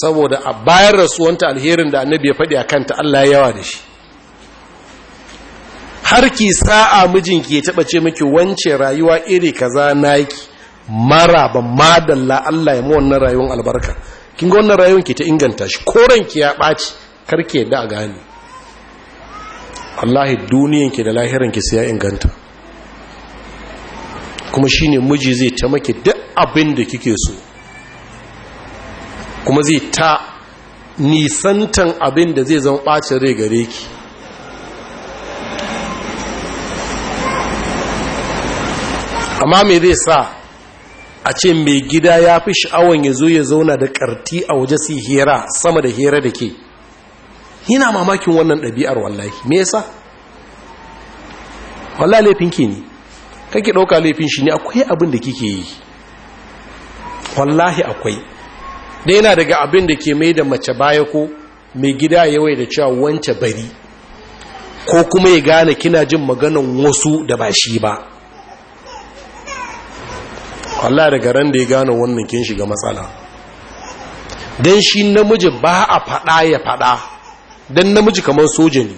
saboda a bayar rasuwanta alherin da annabi ya faɗi a kanta allah yawa da shi har ki sa'a mijinki ya taba ce miki wance rayuwa iri kaza naki mara ba madalla Allah ya mu wannan rayuwar albarka kin ga wannan rayuwar ki ta inganta shi koran ki ya baci karke da gani wallahi duniyan ki da lahirin ki sai ya inganta kuma shine miji zai ta maki duk abin da kike so kuma zai ta nisantan abin da zai zama bacin rai gare ki amma mai zai sa a ce mai gida ya fi sha'awan ya zo ya zauna da karti a waje su hira sama da hira da ke yana mamakin wannan ɗabi'ar wallahi me yasa wallahi laifin ke ne kake ɗauka laifin shi ne akwai abin da kike yi wallahi akwai da yana daga abin da ke mai da mace baya ko mai gida yawai da cewa wance bari ko kuma ya gane kina jin maganan wasu da ba shi ba Allah daga ran da ya gano wannan kin shiga matsala dan shi namiji ba a fada ya fada dan namiji kamar soja ne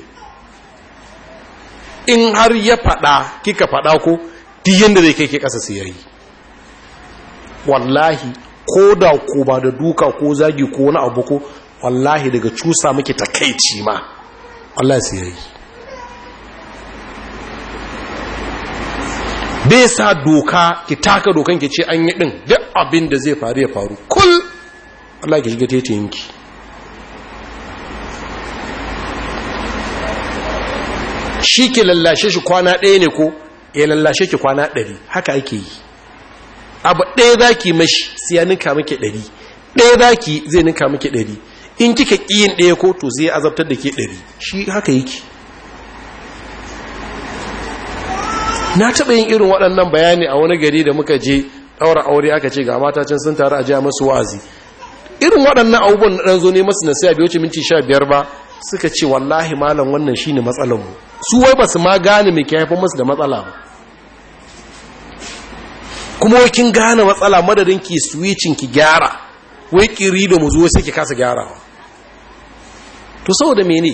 in har ya fada kika fada ko duk yanda zai kai ke kasa sai wallahi ko da ko ba da duka ko zagi ko wani abu ko wallahi daga cusa muke takaici ma wallahi sai yayi bai sa doka ki taka dokan ki ce an yi din duk abin da zai faru ya faru kul Allah ki shiga tetiyinki shi ki lallashe shi kwana ɗaya ne ko ya lallashe ki kwana ɗari haka ake yi abu ɗaya za ki mashi sai ya ninka maki ɗari ɗaya za ki zai ninka maki ɗari in kika ƙiyin ɗaya ko to zai azabtar da ke ɗari shi haka yake na taɓa yin irin waɗannan bayani a wani gari da muka je ɗaura aure aka ce ga mata can sun taru a jiya masu wa'azi irin waɗannan abubuwan na ɗan zo ne masu nasiya bai wuce minti sha biyar ba suka ce wallahi malam wannan shi ne mu, su wai ba su ma gane mai ke masu da matsala ba kuma wai kin gane matsala madadin ki switching ki gyara wai kiri da mu zo sai ki kasa gyarawa to saboda mene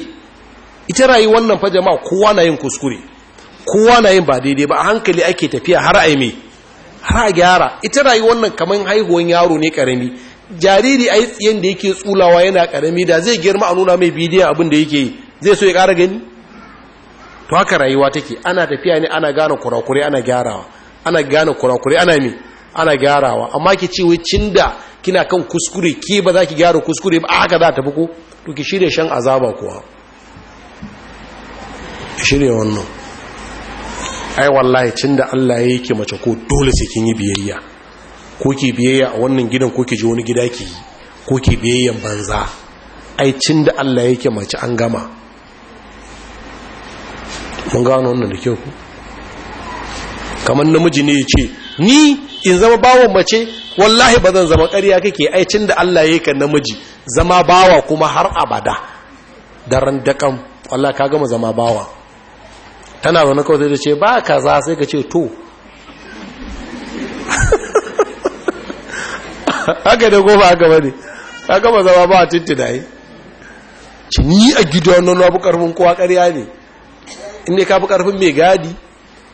ita rayuwar wannan fa jama'a kowa na yin kuskure kowa na yin ba daidai ba a hankali ake tafiya har a mai har a gyara ita rayu wannan kamar haihuwan yaro ne karami jariri a tsiyan da yake tsulawa yana karami da zai girma a nuna mai bidiyon abin da yake zai so ya kara gani to haka rayuwa take ana tafiya ne ana gane kurakure ana gyarawa ana gane kurakure ana mai ana gyarawa amma ki ce wai da kina kan kuskure ke ba za ki gyara kuskure ba haka za ta fi ko to ki shirya shan azaba kuwa shirya wannan ai wallahi cin da Allah ya yake mace ko dole sai kin yi biyayya ko ki biyayya a wannan gidan ko ki je wani gida ki ko ki biyayyan banza ai cin da Allah ya yake mace an gama mun gano wannan da kyau kamar namiji ne ya ce ni in zama bawon mace wallahi ba zan zama ƙarya kake ai cin da Allah ya yake namiji zama bawa kuma har abada daren dakan wallahi ka gama zama bawa tana wani kawai da ce ba ka kaza sai ka ce to haka da goma haka ne haka ba zama ba tuntuna yi ci ni a gidan nan wabu karfin kowa ƙarya ne inda ka fi karfin mai gadi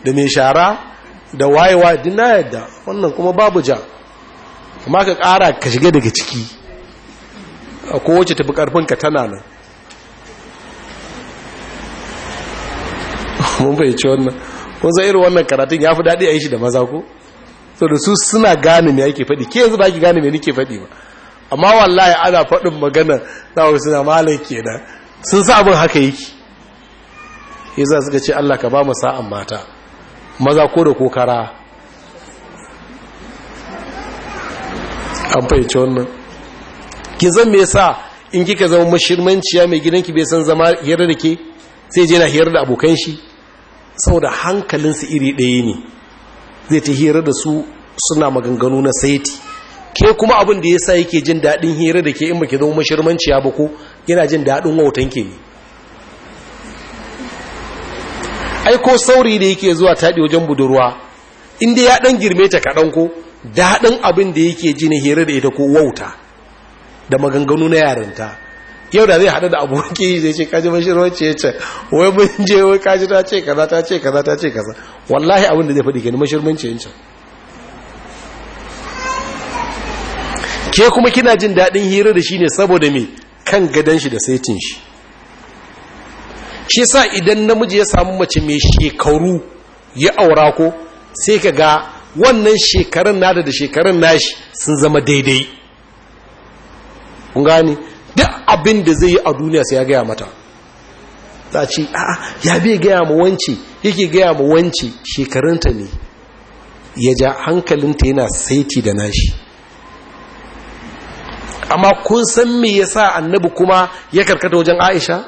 da mai shara da wayewa din na yadda wannan kuma babu ja amma ka ƙara ka shiga daga ciki a kowace tafi karfin ka tana nan mun ci wannan kun san irin wannan karatun ya fi daɗi a yi shi da maza ko so da su suna gane me ake faɗi ke yanzu ba ki gane me nike faɗi ba amma wallahi ana faɗin magana na wasu na malai kenan sun sa abin haka yake yasa suka ce Allah ka ba mu sa'an mata maza ko da ko kara an fahimci wannan ki zan me sa in kika zama mashirmanciya mai gidanki bai san zama hira da ke sai je na hira da abokan shi saboda hankalinsu iri ɗaya ne zai ta hira da su suna maganganu na saiti ke kuma abin da ya sa yake jin daɗin hira da ke in ba ke zama mashirmanciya ba ko yana jin daɗin wautan ke ne ai ko sauri da yake zuwa taɗi wajen budurwa inda ya ɗan girme ta kaɗan ko daɗin abin da yake ji na hira da ita ko wauta da maganganu na yarinta yau da zai haɗu da aboki zai ce kaji bashirwa ce ce wai mun je wai kaji ta ce kaza ta ce kaza ta ce kaza wallahi abin da zai faɗi kenan mashirmin ce yancin ke kuma kina jin daɗin hira da shi ne saboda mai kan gadon shi da saitin shi shi sa idan namiji ya samu mace mai shekaru ya aura ko sai ka ga wannan shekarun nada da shekarun nashi sun zama daidai kun gani abin da zai yi a duniya sai ya gaya mata za a ce a'a ya bai gaya ma wance yake gaya ma wance shekarunta ne ya ja hankalinta yana saiti da nashi amma kun san me yasa annabi kuma ya karkata wajen aisha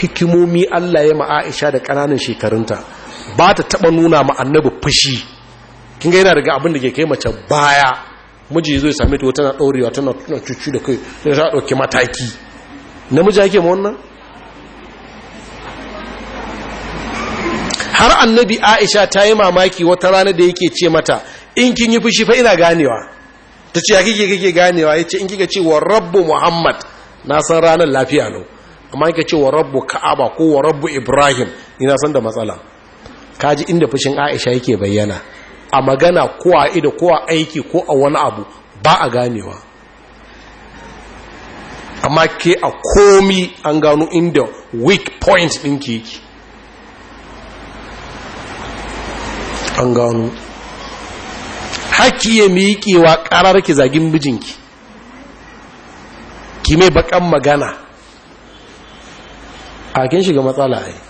hikimomi allah ya ma aisha da ƙananan shekarunta ba ta taɓa nuna ma annabi fushi kin ga yana daga abin da ke kai mace baya miji zai sami ta tana daurewa tana cucu da kai sai ya ɗauki mataki namiji yake ma wannan har annabi aisha ta yi mamaki wata rana da yake ce mata in kin yi fushi fa ina ganewa ta ce kike kike ganewa ya ce in kika ce wa rabbu muhammad na san ranar lafiya lo amma kika ce wa rabbu ka'aba ko wa rabbu ibrahim ni na san da matsala kaji inda fushin aisha yake bayyana a magana ko a ido ko a aiki ko a wani abu ba a ganewa amma ke a komi an gano inda weak point ɗinki yake an gano haki ya miƙewa ƙarar ki zagin mijinki ki mai baƙan magana a kin shiga matsala ai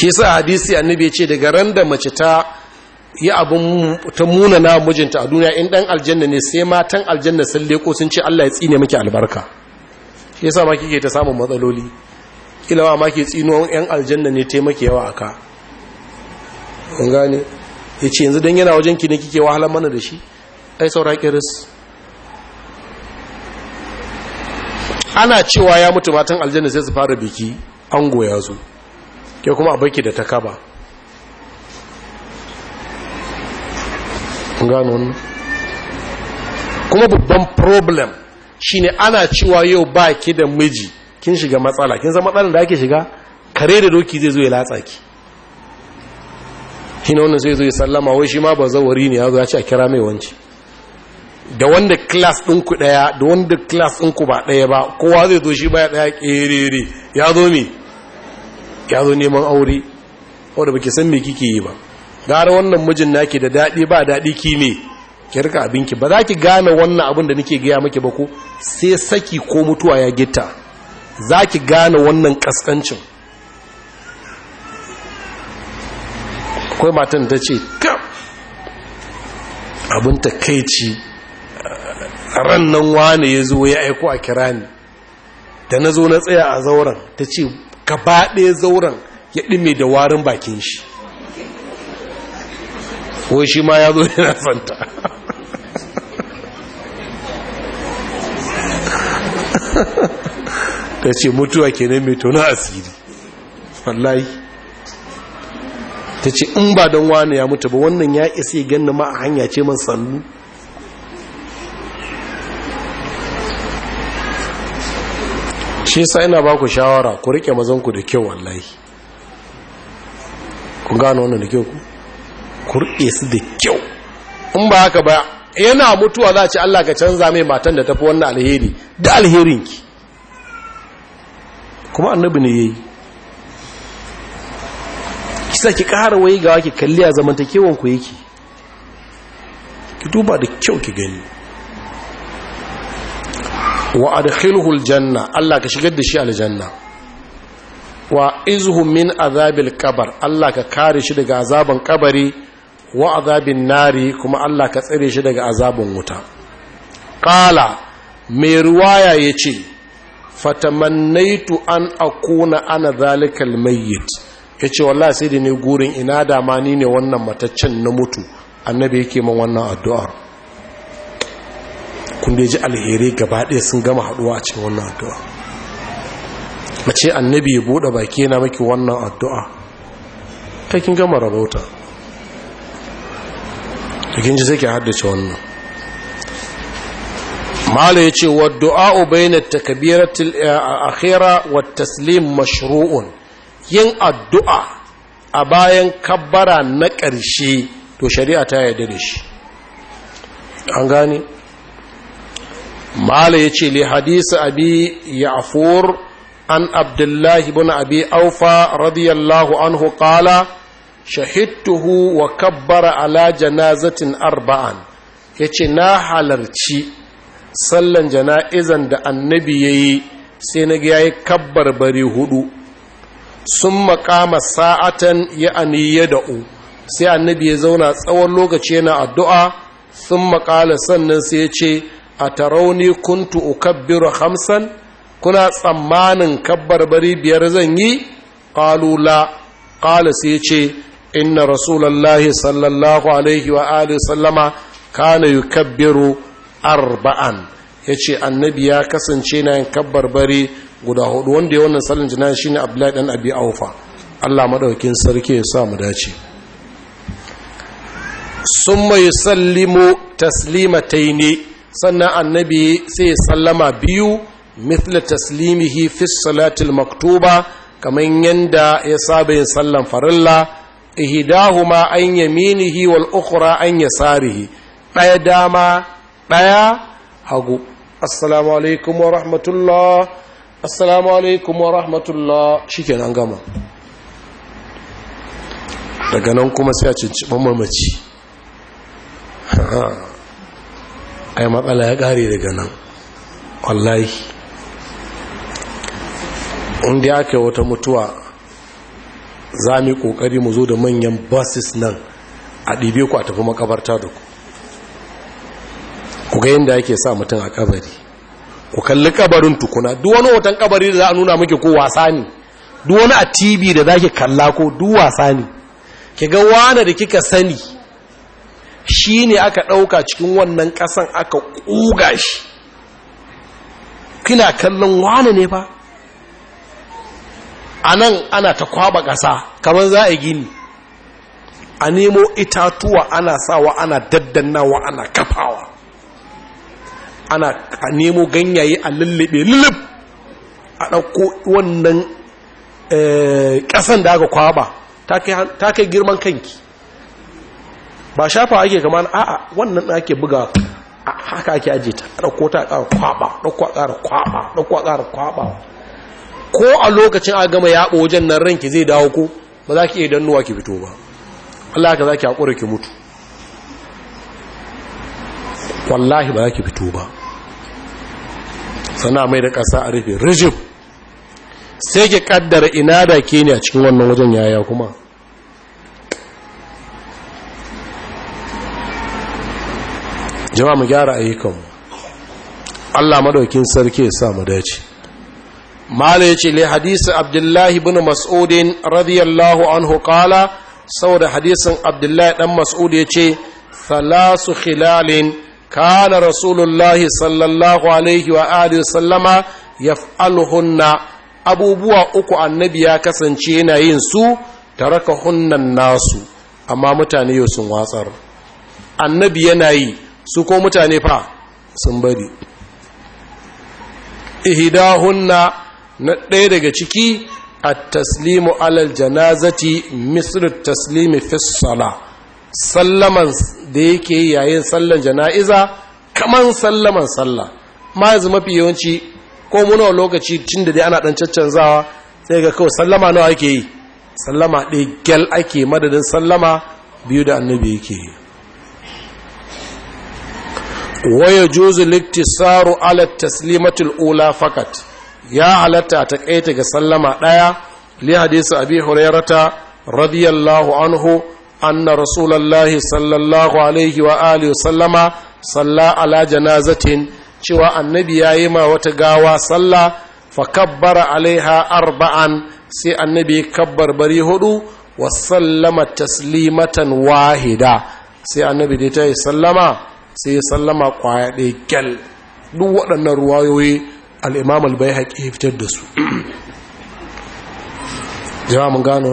shi sa hadisi annabi ya ce daga ran da mace ta yi abin ta muna na mijinta a duniya in dan aljanna ne sai matan aljanna sun leko sun ce Allah ya tsine miki albarka shi yasa ma kike ta samun matsaloli kila ma ke tsinuwan yan aljanna ne taimake yawa aka kun gane yace yanzu dan yana wajen ki ne kike wahalar mana da shi ai saura kiris ana cewa ya mutu matan aljanna sai su fara biki an goya su ke kuma baki da ta kaba. ganon kuma babban problem shine ana cewa yau baki da miji kin shiga matsala kin san matsalar da ake shiga kare da doki zai zo ya latsa ki shine wannan sai zo ya sallama wai shi ma ba zawari ne ya zo ya ce a kira mai wanci da wanda class dinku daya da wanda class dinku ba daya ba kowa zai zo shi ba ya ɗaya ƙerere ya zo ne ya zo neman aure wadda ba ke san mai kike yi ba gara wannan mijin naki da daɗi ba daɗi ki ne ki rika abinki ba za ki gane wannan abin da nake gaya maki ba ko sai saki ko mutuwa ya gita za ki gane wannan kaskancin akwai matan ta ce ka abin takaici ran nan wane ya zo ya aiko a kira ni da na zo na tsaya a zauren ta ce gaba ɗaya zauren ya ɗime da warin bakin shi ko shi ma ya zo yana santa ta ce mutuwa kenan mai tona asiri wallahi ta ce in ba don wani ya mutu ba wannan ya isa ganna ma a hanya ce man sannu shi sa ina ba ku shawara ku rike mazanku da kyau wallahi ku gano wannan da kyau ku ku rike su da kyau in ba haka ba yana mutuwa za a ci Allah ka canza mai matan da tafi wannan alheri da alherinki kuma annabi ne yayi kisa ki kara waye gawa ki kalli a ku yake ki duba da kyau ki gani wa adkhilhu aljanna Allah ka shigar da shi aljanna wa izhu min azabil qabr Allah ka kare shi daga azabin kabari wa azabin nari kuma Allah ka tsare shi daga azabin wuta qala mai ruwaya yace fatamannaitu an akuna ana zalikal mayyit yace wallahi sai da ne gurin ina da ma ni ne wannan mataccen na mutu annabi yake min wannan addu'a kun da ji alheri gaba ɗaya sun gama haɗuwa a cikin wannan addu'a a ce annabi ya buɗe baki yana maki wannan addu'a kai gama rabauta kin ji sai ke haddace wannan mala ya ce wa du'a'u bayna a akhira wa taslim mashru'un yin addu'a a bayan kabbara na ƙarshe to shari'a ta yarda da shi an gane mala ya ce li hadisi abi ya'fur an abdullahi bin abi aufa radiyallahu anhu qala shahidtuhu wa kabbara ala janazatin arba'an yace na halarci sallan jana'izan da annabi yayi sai na ga yayi kabbar bare hudu sun makama sa'atan ya aniye da'u sai annabi ya zauna tsawon lokaci yana addu'a sun maƙala sannan sai ya ce a tarauni kuntu ukabbiru hamsan kuna tsammanin bari biyar zan yi ƙalula ƙala sai ce inna rasulallahi sallallahu alaihi wa alihi sallama kana yukabbiru arba'an ya ce annabi ya kasance na yin kabbarbari guda hudu wanda ya wannan salin jina shi ne abdullahi dan abi aufa allah maɗaukin sarki ya sa mu dace sun mai sallimo taslimatai ne sannan annabi sai sallama biyu mithla taslimihi fi salatil maktuba kamar yanda ya saba yin sallan farilla ihdahuma an yaminihi wal ukhra an yasarihi daya dama daya hagu assalamu alaikum wa rahmatullah assalamu alaikum wa rahmatullah shikenan gama daga nan kuma sai a cincin mamaci ai matsala ya kare daga nan wallahi inda aka yi wata mutuwa za mu yi kokari mu zo da manyan basis nan a ɗibe ku a tafi makabarta da ku ku ga yadda ake sa mutum a kabari ku kalli ƙabarin tukuna duk wani hoton kabari da za a nuna muke ko wasa ne duk wani a tv da za ki kalla ko duk wasa ne ki ga wane da kika sani shi ne aka ɗauka cikin wannan ƙasan aka ƙuga shi kina kallon wane ne ba a nan ana ta kwaba ƙasa kamar za a gini a nemo itatuwa ana sawa ana daddannawa ana kafawa ana nemo ganyaye a lullube lullub a ɗauko wannan eh, ƙasan da aka kwaba ta kai girman kanki ba shafa ake kama a'a wannan ake buga haka ake aje ta ɗauko ta ƙara kwaɓa ɗauko a ƙara kwaɓa ɗauko a ƙara kwaɓa ko a lokacin a gama yaɓo wajen nan ranki zai dawo ko ba za ki iya dannuwa ki fito ba Allah ka za ki haƙura ki mutu wallahi ba za ki fito ba sana mai da ƙasa a rufe rijib sai ki ƙaddara ina da ke ne a cikin wannan wajen yaya kuma jama mu gyara ayyukanmu Allah madaukin sarki ya sa mu dace mala yace le hadisi abdullahi ibn mas'udin radiyallahu anhu kala saboda hadisin abdullahi dan mas'ud yace thalasu khilalin kana rasulullahi sallallahu alaihi wa alihi sallama yaf'aluhunna abubuwa uku annabi ya kasance yana yin su hunnan nasu amma mutane yau sun watsar annabi yana yi su ko mutane fa sun bari ihidahunna na ɗaya daga ciki a taslimu alal janazati mislu taslimi fissala sallaman da yake yayin sallan jana'iza kaman sallaman salla. ma yanzu mafi yawanci ko muna lokaci cin da dai ana dan caccanzawa sai ga kawai sallama nawa ake yi sallama ɗaya gyal ake madadin sallama biyu da annabi yake yi waya juzu liktisaru ala taslimatul ula fakat ya halatta a kaita ga sallama ɗaya li hadisi abi hurairata radiyallahu anhu anna rasulullahi sallallahu alaihi wa alihi sallama salla ala janazatin cewa annabi yayi ma wata gawa sallah fa kabbara alaiha arba'an sai annabi kabbar bari hudu wa sallama taslimatan wahida sai annabi da ta yi sallama sai ya sallama kwaya ɗaya kyal duk waɗannan ruwayoyi al'imam albai haƙi ya fitar da su jama mun gano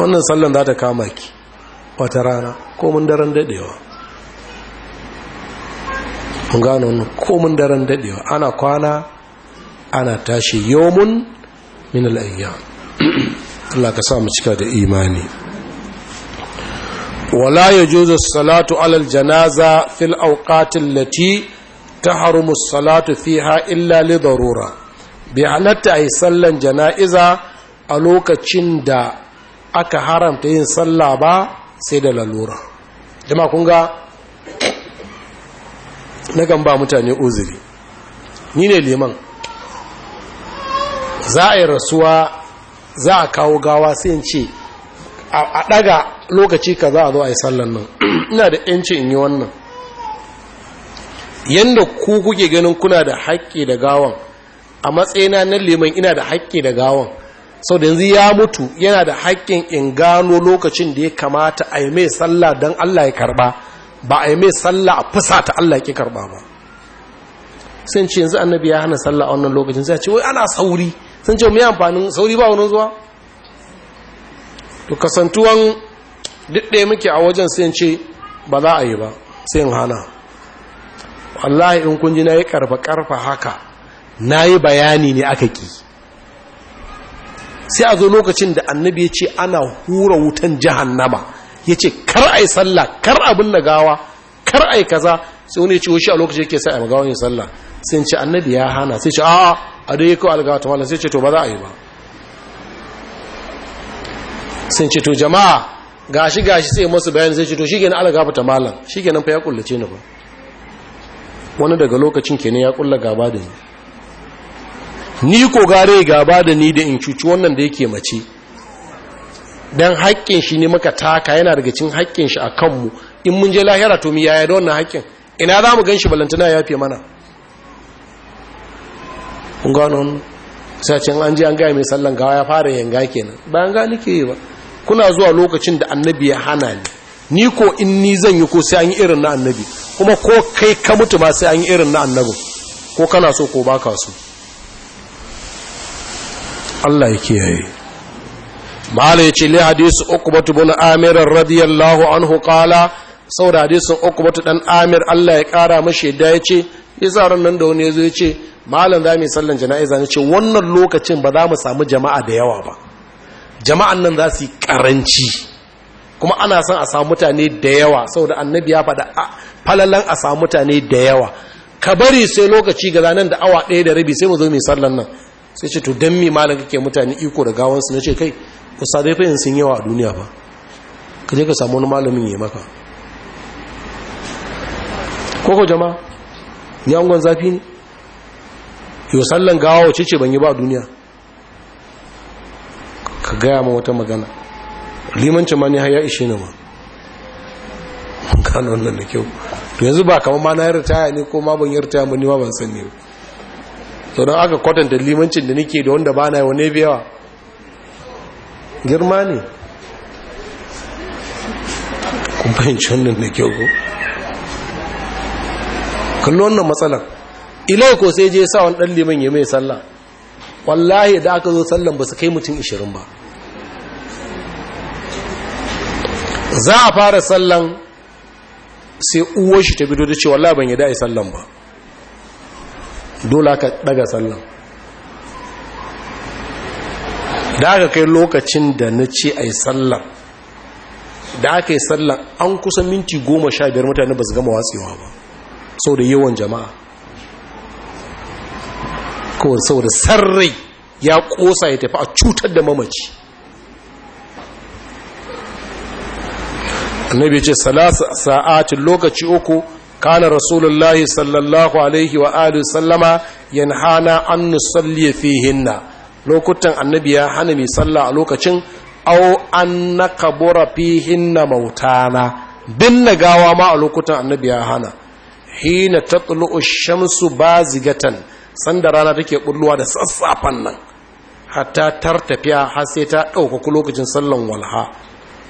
wannan sallan za ta kama ki wata rana ko mun daren daɗewa mun gano wannan mun daren daɗewa ana kwana ana tashi yomun min al’ayyar Allah ka sa mu cika da imani wala ya yajuzu salatu alal janaza fil awqatil lati tahrumu salatu fiha illa li darura bi halatta ay sallan janaiza a lokacin da aka haramta yin sallah ba sai da lalura jama'a kun na kan ba mutane uzuri ni ne liman za a yi rasuwa za a kawo gawa sai in ce a daga lokaci ka za a zo a yi sallan nan ina da yanci in yi wannan yadda ku kuke ganin kuna da haƙƙi da gawan a matsayina na liman ina da haƙƙi da gawan sau da yanzu ya mutu yana da haƙƙin in gano lokacin da ya kamata a yi mai sallah don allah ya karɓa ba a yi mai sallah a fusa ta allah ya karɓa ba sun ce yanzu annabi ya hana sallah a wannan lokacin sai ce wai ana sauri sun ce yi amfanin sauri ba wani zuwa to kasantuwan duk ɗaya muke a wajen sai ce ba za a yi ba sai in hana wallahi in kun ji na yi karfa-karfa haka na yi bayani ne aka ki sai a zo lokacin da annabi ya ce ana hura wutan jahannama ya ce kar a yi sallah kar abin na gawa kar a yi kaza sai wani ya ce wuce a lokacin yake sai a magawa yin sallah sai ce annabi ya hana sai ce a'a a dai yi kawai algawa ta malam sai ce to ba za a yi ba sun ce to jama'a gashi gashi sai masu bayani sai ce to shikenan Allah ta malam shikenan fa ya kullace ni ba wani daga lokacin kenan ya kulla gaba da ni ni ko gare gaba da ni da in cuci wannan da yake mace dan haƙƙin shi ne muka taka yana daga cikin haƙƙin shi a kanmu in mun je lahira to mu yaya da wannan haƙƙin ina za mu gan shi balantana ya fi mana kun gano sai an je an gaya mai sallan gawa ya fara yanga kenan bayan gani ke yi ba kuna zuwa lokacin da annabi ya hana ni ni ko in ni zan yi ko sai an yi irin na annabi kuma ko kai ka mutu ma sai an yi irin na annabin ko kana so ko baka so Allah ya kiyaye mala yace li hadisi uqbat bin amir radiyallahu anhu qala saboda hadisin uqbat dan amir Allah ya kara mashi da yace yasa ran nan da wani yazo yace malam zamu sallan jana'iza ne ce wannan lokacin ba za mu samu jama'a da yawa ba jama'an nan za su yi karanci kuma ana son a samu mutane da yawa saboda annabi ya faɗa falalan a samu mutane da yawa ka bari sai lokaci ga zanen da awa ɗaya da rabi sai mu zo mai sallan nan sai ce to don mi malam kake mutane iko da gawansu na ce kai ustadai fa yin sun yawa a duniya ba ka je ka samu wani malamin ya maka koko jama'a ni angon zafi ne yau sallan gawa wace ce ban yi ba a duniya ka gaya ma wata magana limanci ma ni har ya ishe ne ma gano wannan da kyau to yanzu ba kama ma na yi ritaya ne ko ma ban yi ritaya ba ni ma ban sani to don aka kwatanta limancin da nake da wanda ba na yi wane biyawa girma ne kun fahimci wannan da kyau ko kallon wannan matsalar ilai ko sai je sa wani dan liman ya mai sallah wallahi da aka zo sallan ba su kai mutum 20 ba za a fara sallan sai uwar shi ta bido da cewa laban ya da'i sallan ba dole aka daga sallan da aka kai lokacin da na ce a yi sallan da aka yi sallan an kusa minti goma sha biyar mutane ba su gama watsewa ba sau da yawan jama'a kowar sau da sarrai ya kosa ya tafi a cutar da mamaci annabi ce salasa sa'atin lokaci uku kana rasulullahi sallallahu alaihi wa alihi sallama yanhana an nusalli hinna lokutan annabi ya hana mai salla a lokacin au an nakabura hinna mautana din gawa ma a lokutan annabi ya hana hina tatlu'u shamsu zigatan sanda rana take bulluwa da sassafan nan hatta tartafiya har sai ta ɗaukaku lokacin sallan walha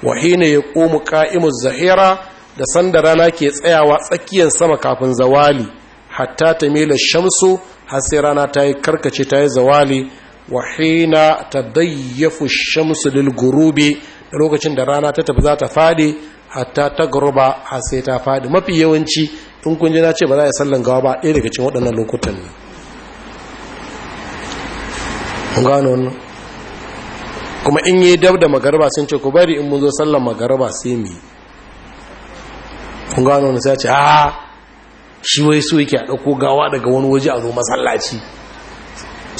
wa hina yaqumu ƙa'imu zahira da sanda rana ke tsayawa tsakiyar sama kafin zawali hatta ta mila shamsu har sai rana ta yi karkace ta yi zawali wa hina dayyafu shamsu lil gurubi lokacin da rana ta tafi za ta fadi hatta ta gurba har sai ta fadi mafi yawanci in kun ji na ce ba za a yi sallan gawa ba ɗaya daga cikin waɗannan lokutan ne gano kuma in yi dab da magarba sun ce ku bari in mun zo sallar magarba sai mu kun gano wani sai ce a shi wai su yake a ɗauko gawa daga wani waje a zo masallaci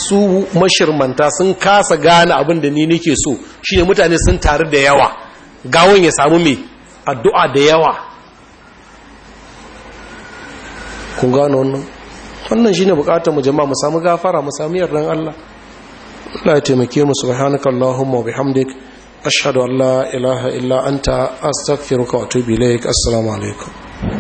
su mashirmanta sun kasa gane abin da ni nake so shi ne mutane sun taru da yawa gawon ya samu mai addu'a da yawa kun gano wannan wannan shi ne bukatar mu jama'a mu samu gafara mu samu yardan Allah Allah ya taimake mu subhanaka allahumma wa bihamdik ashhadu an la ilaha illa anta astaghfiruka wa atubu ilaik assalamu alaikum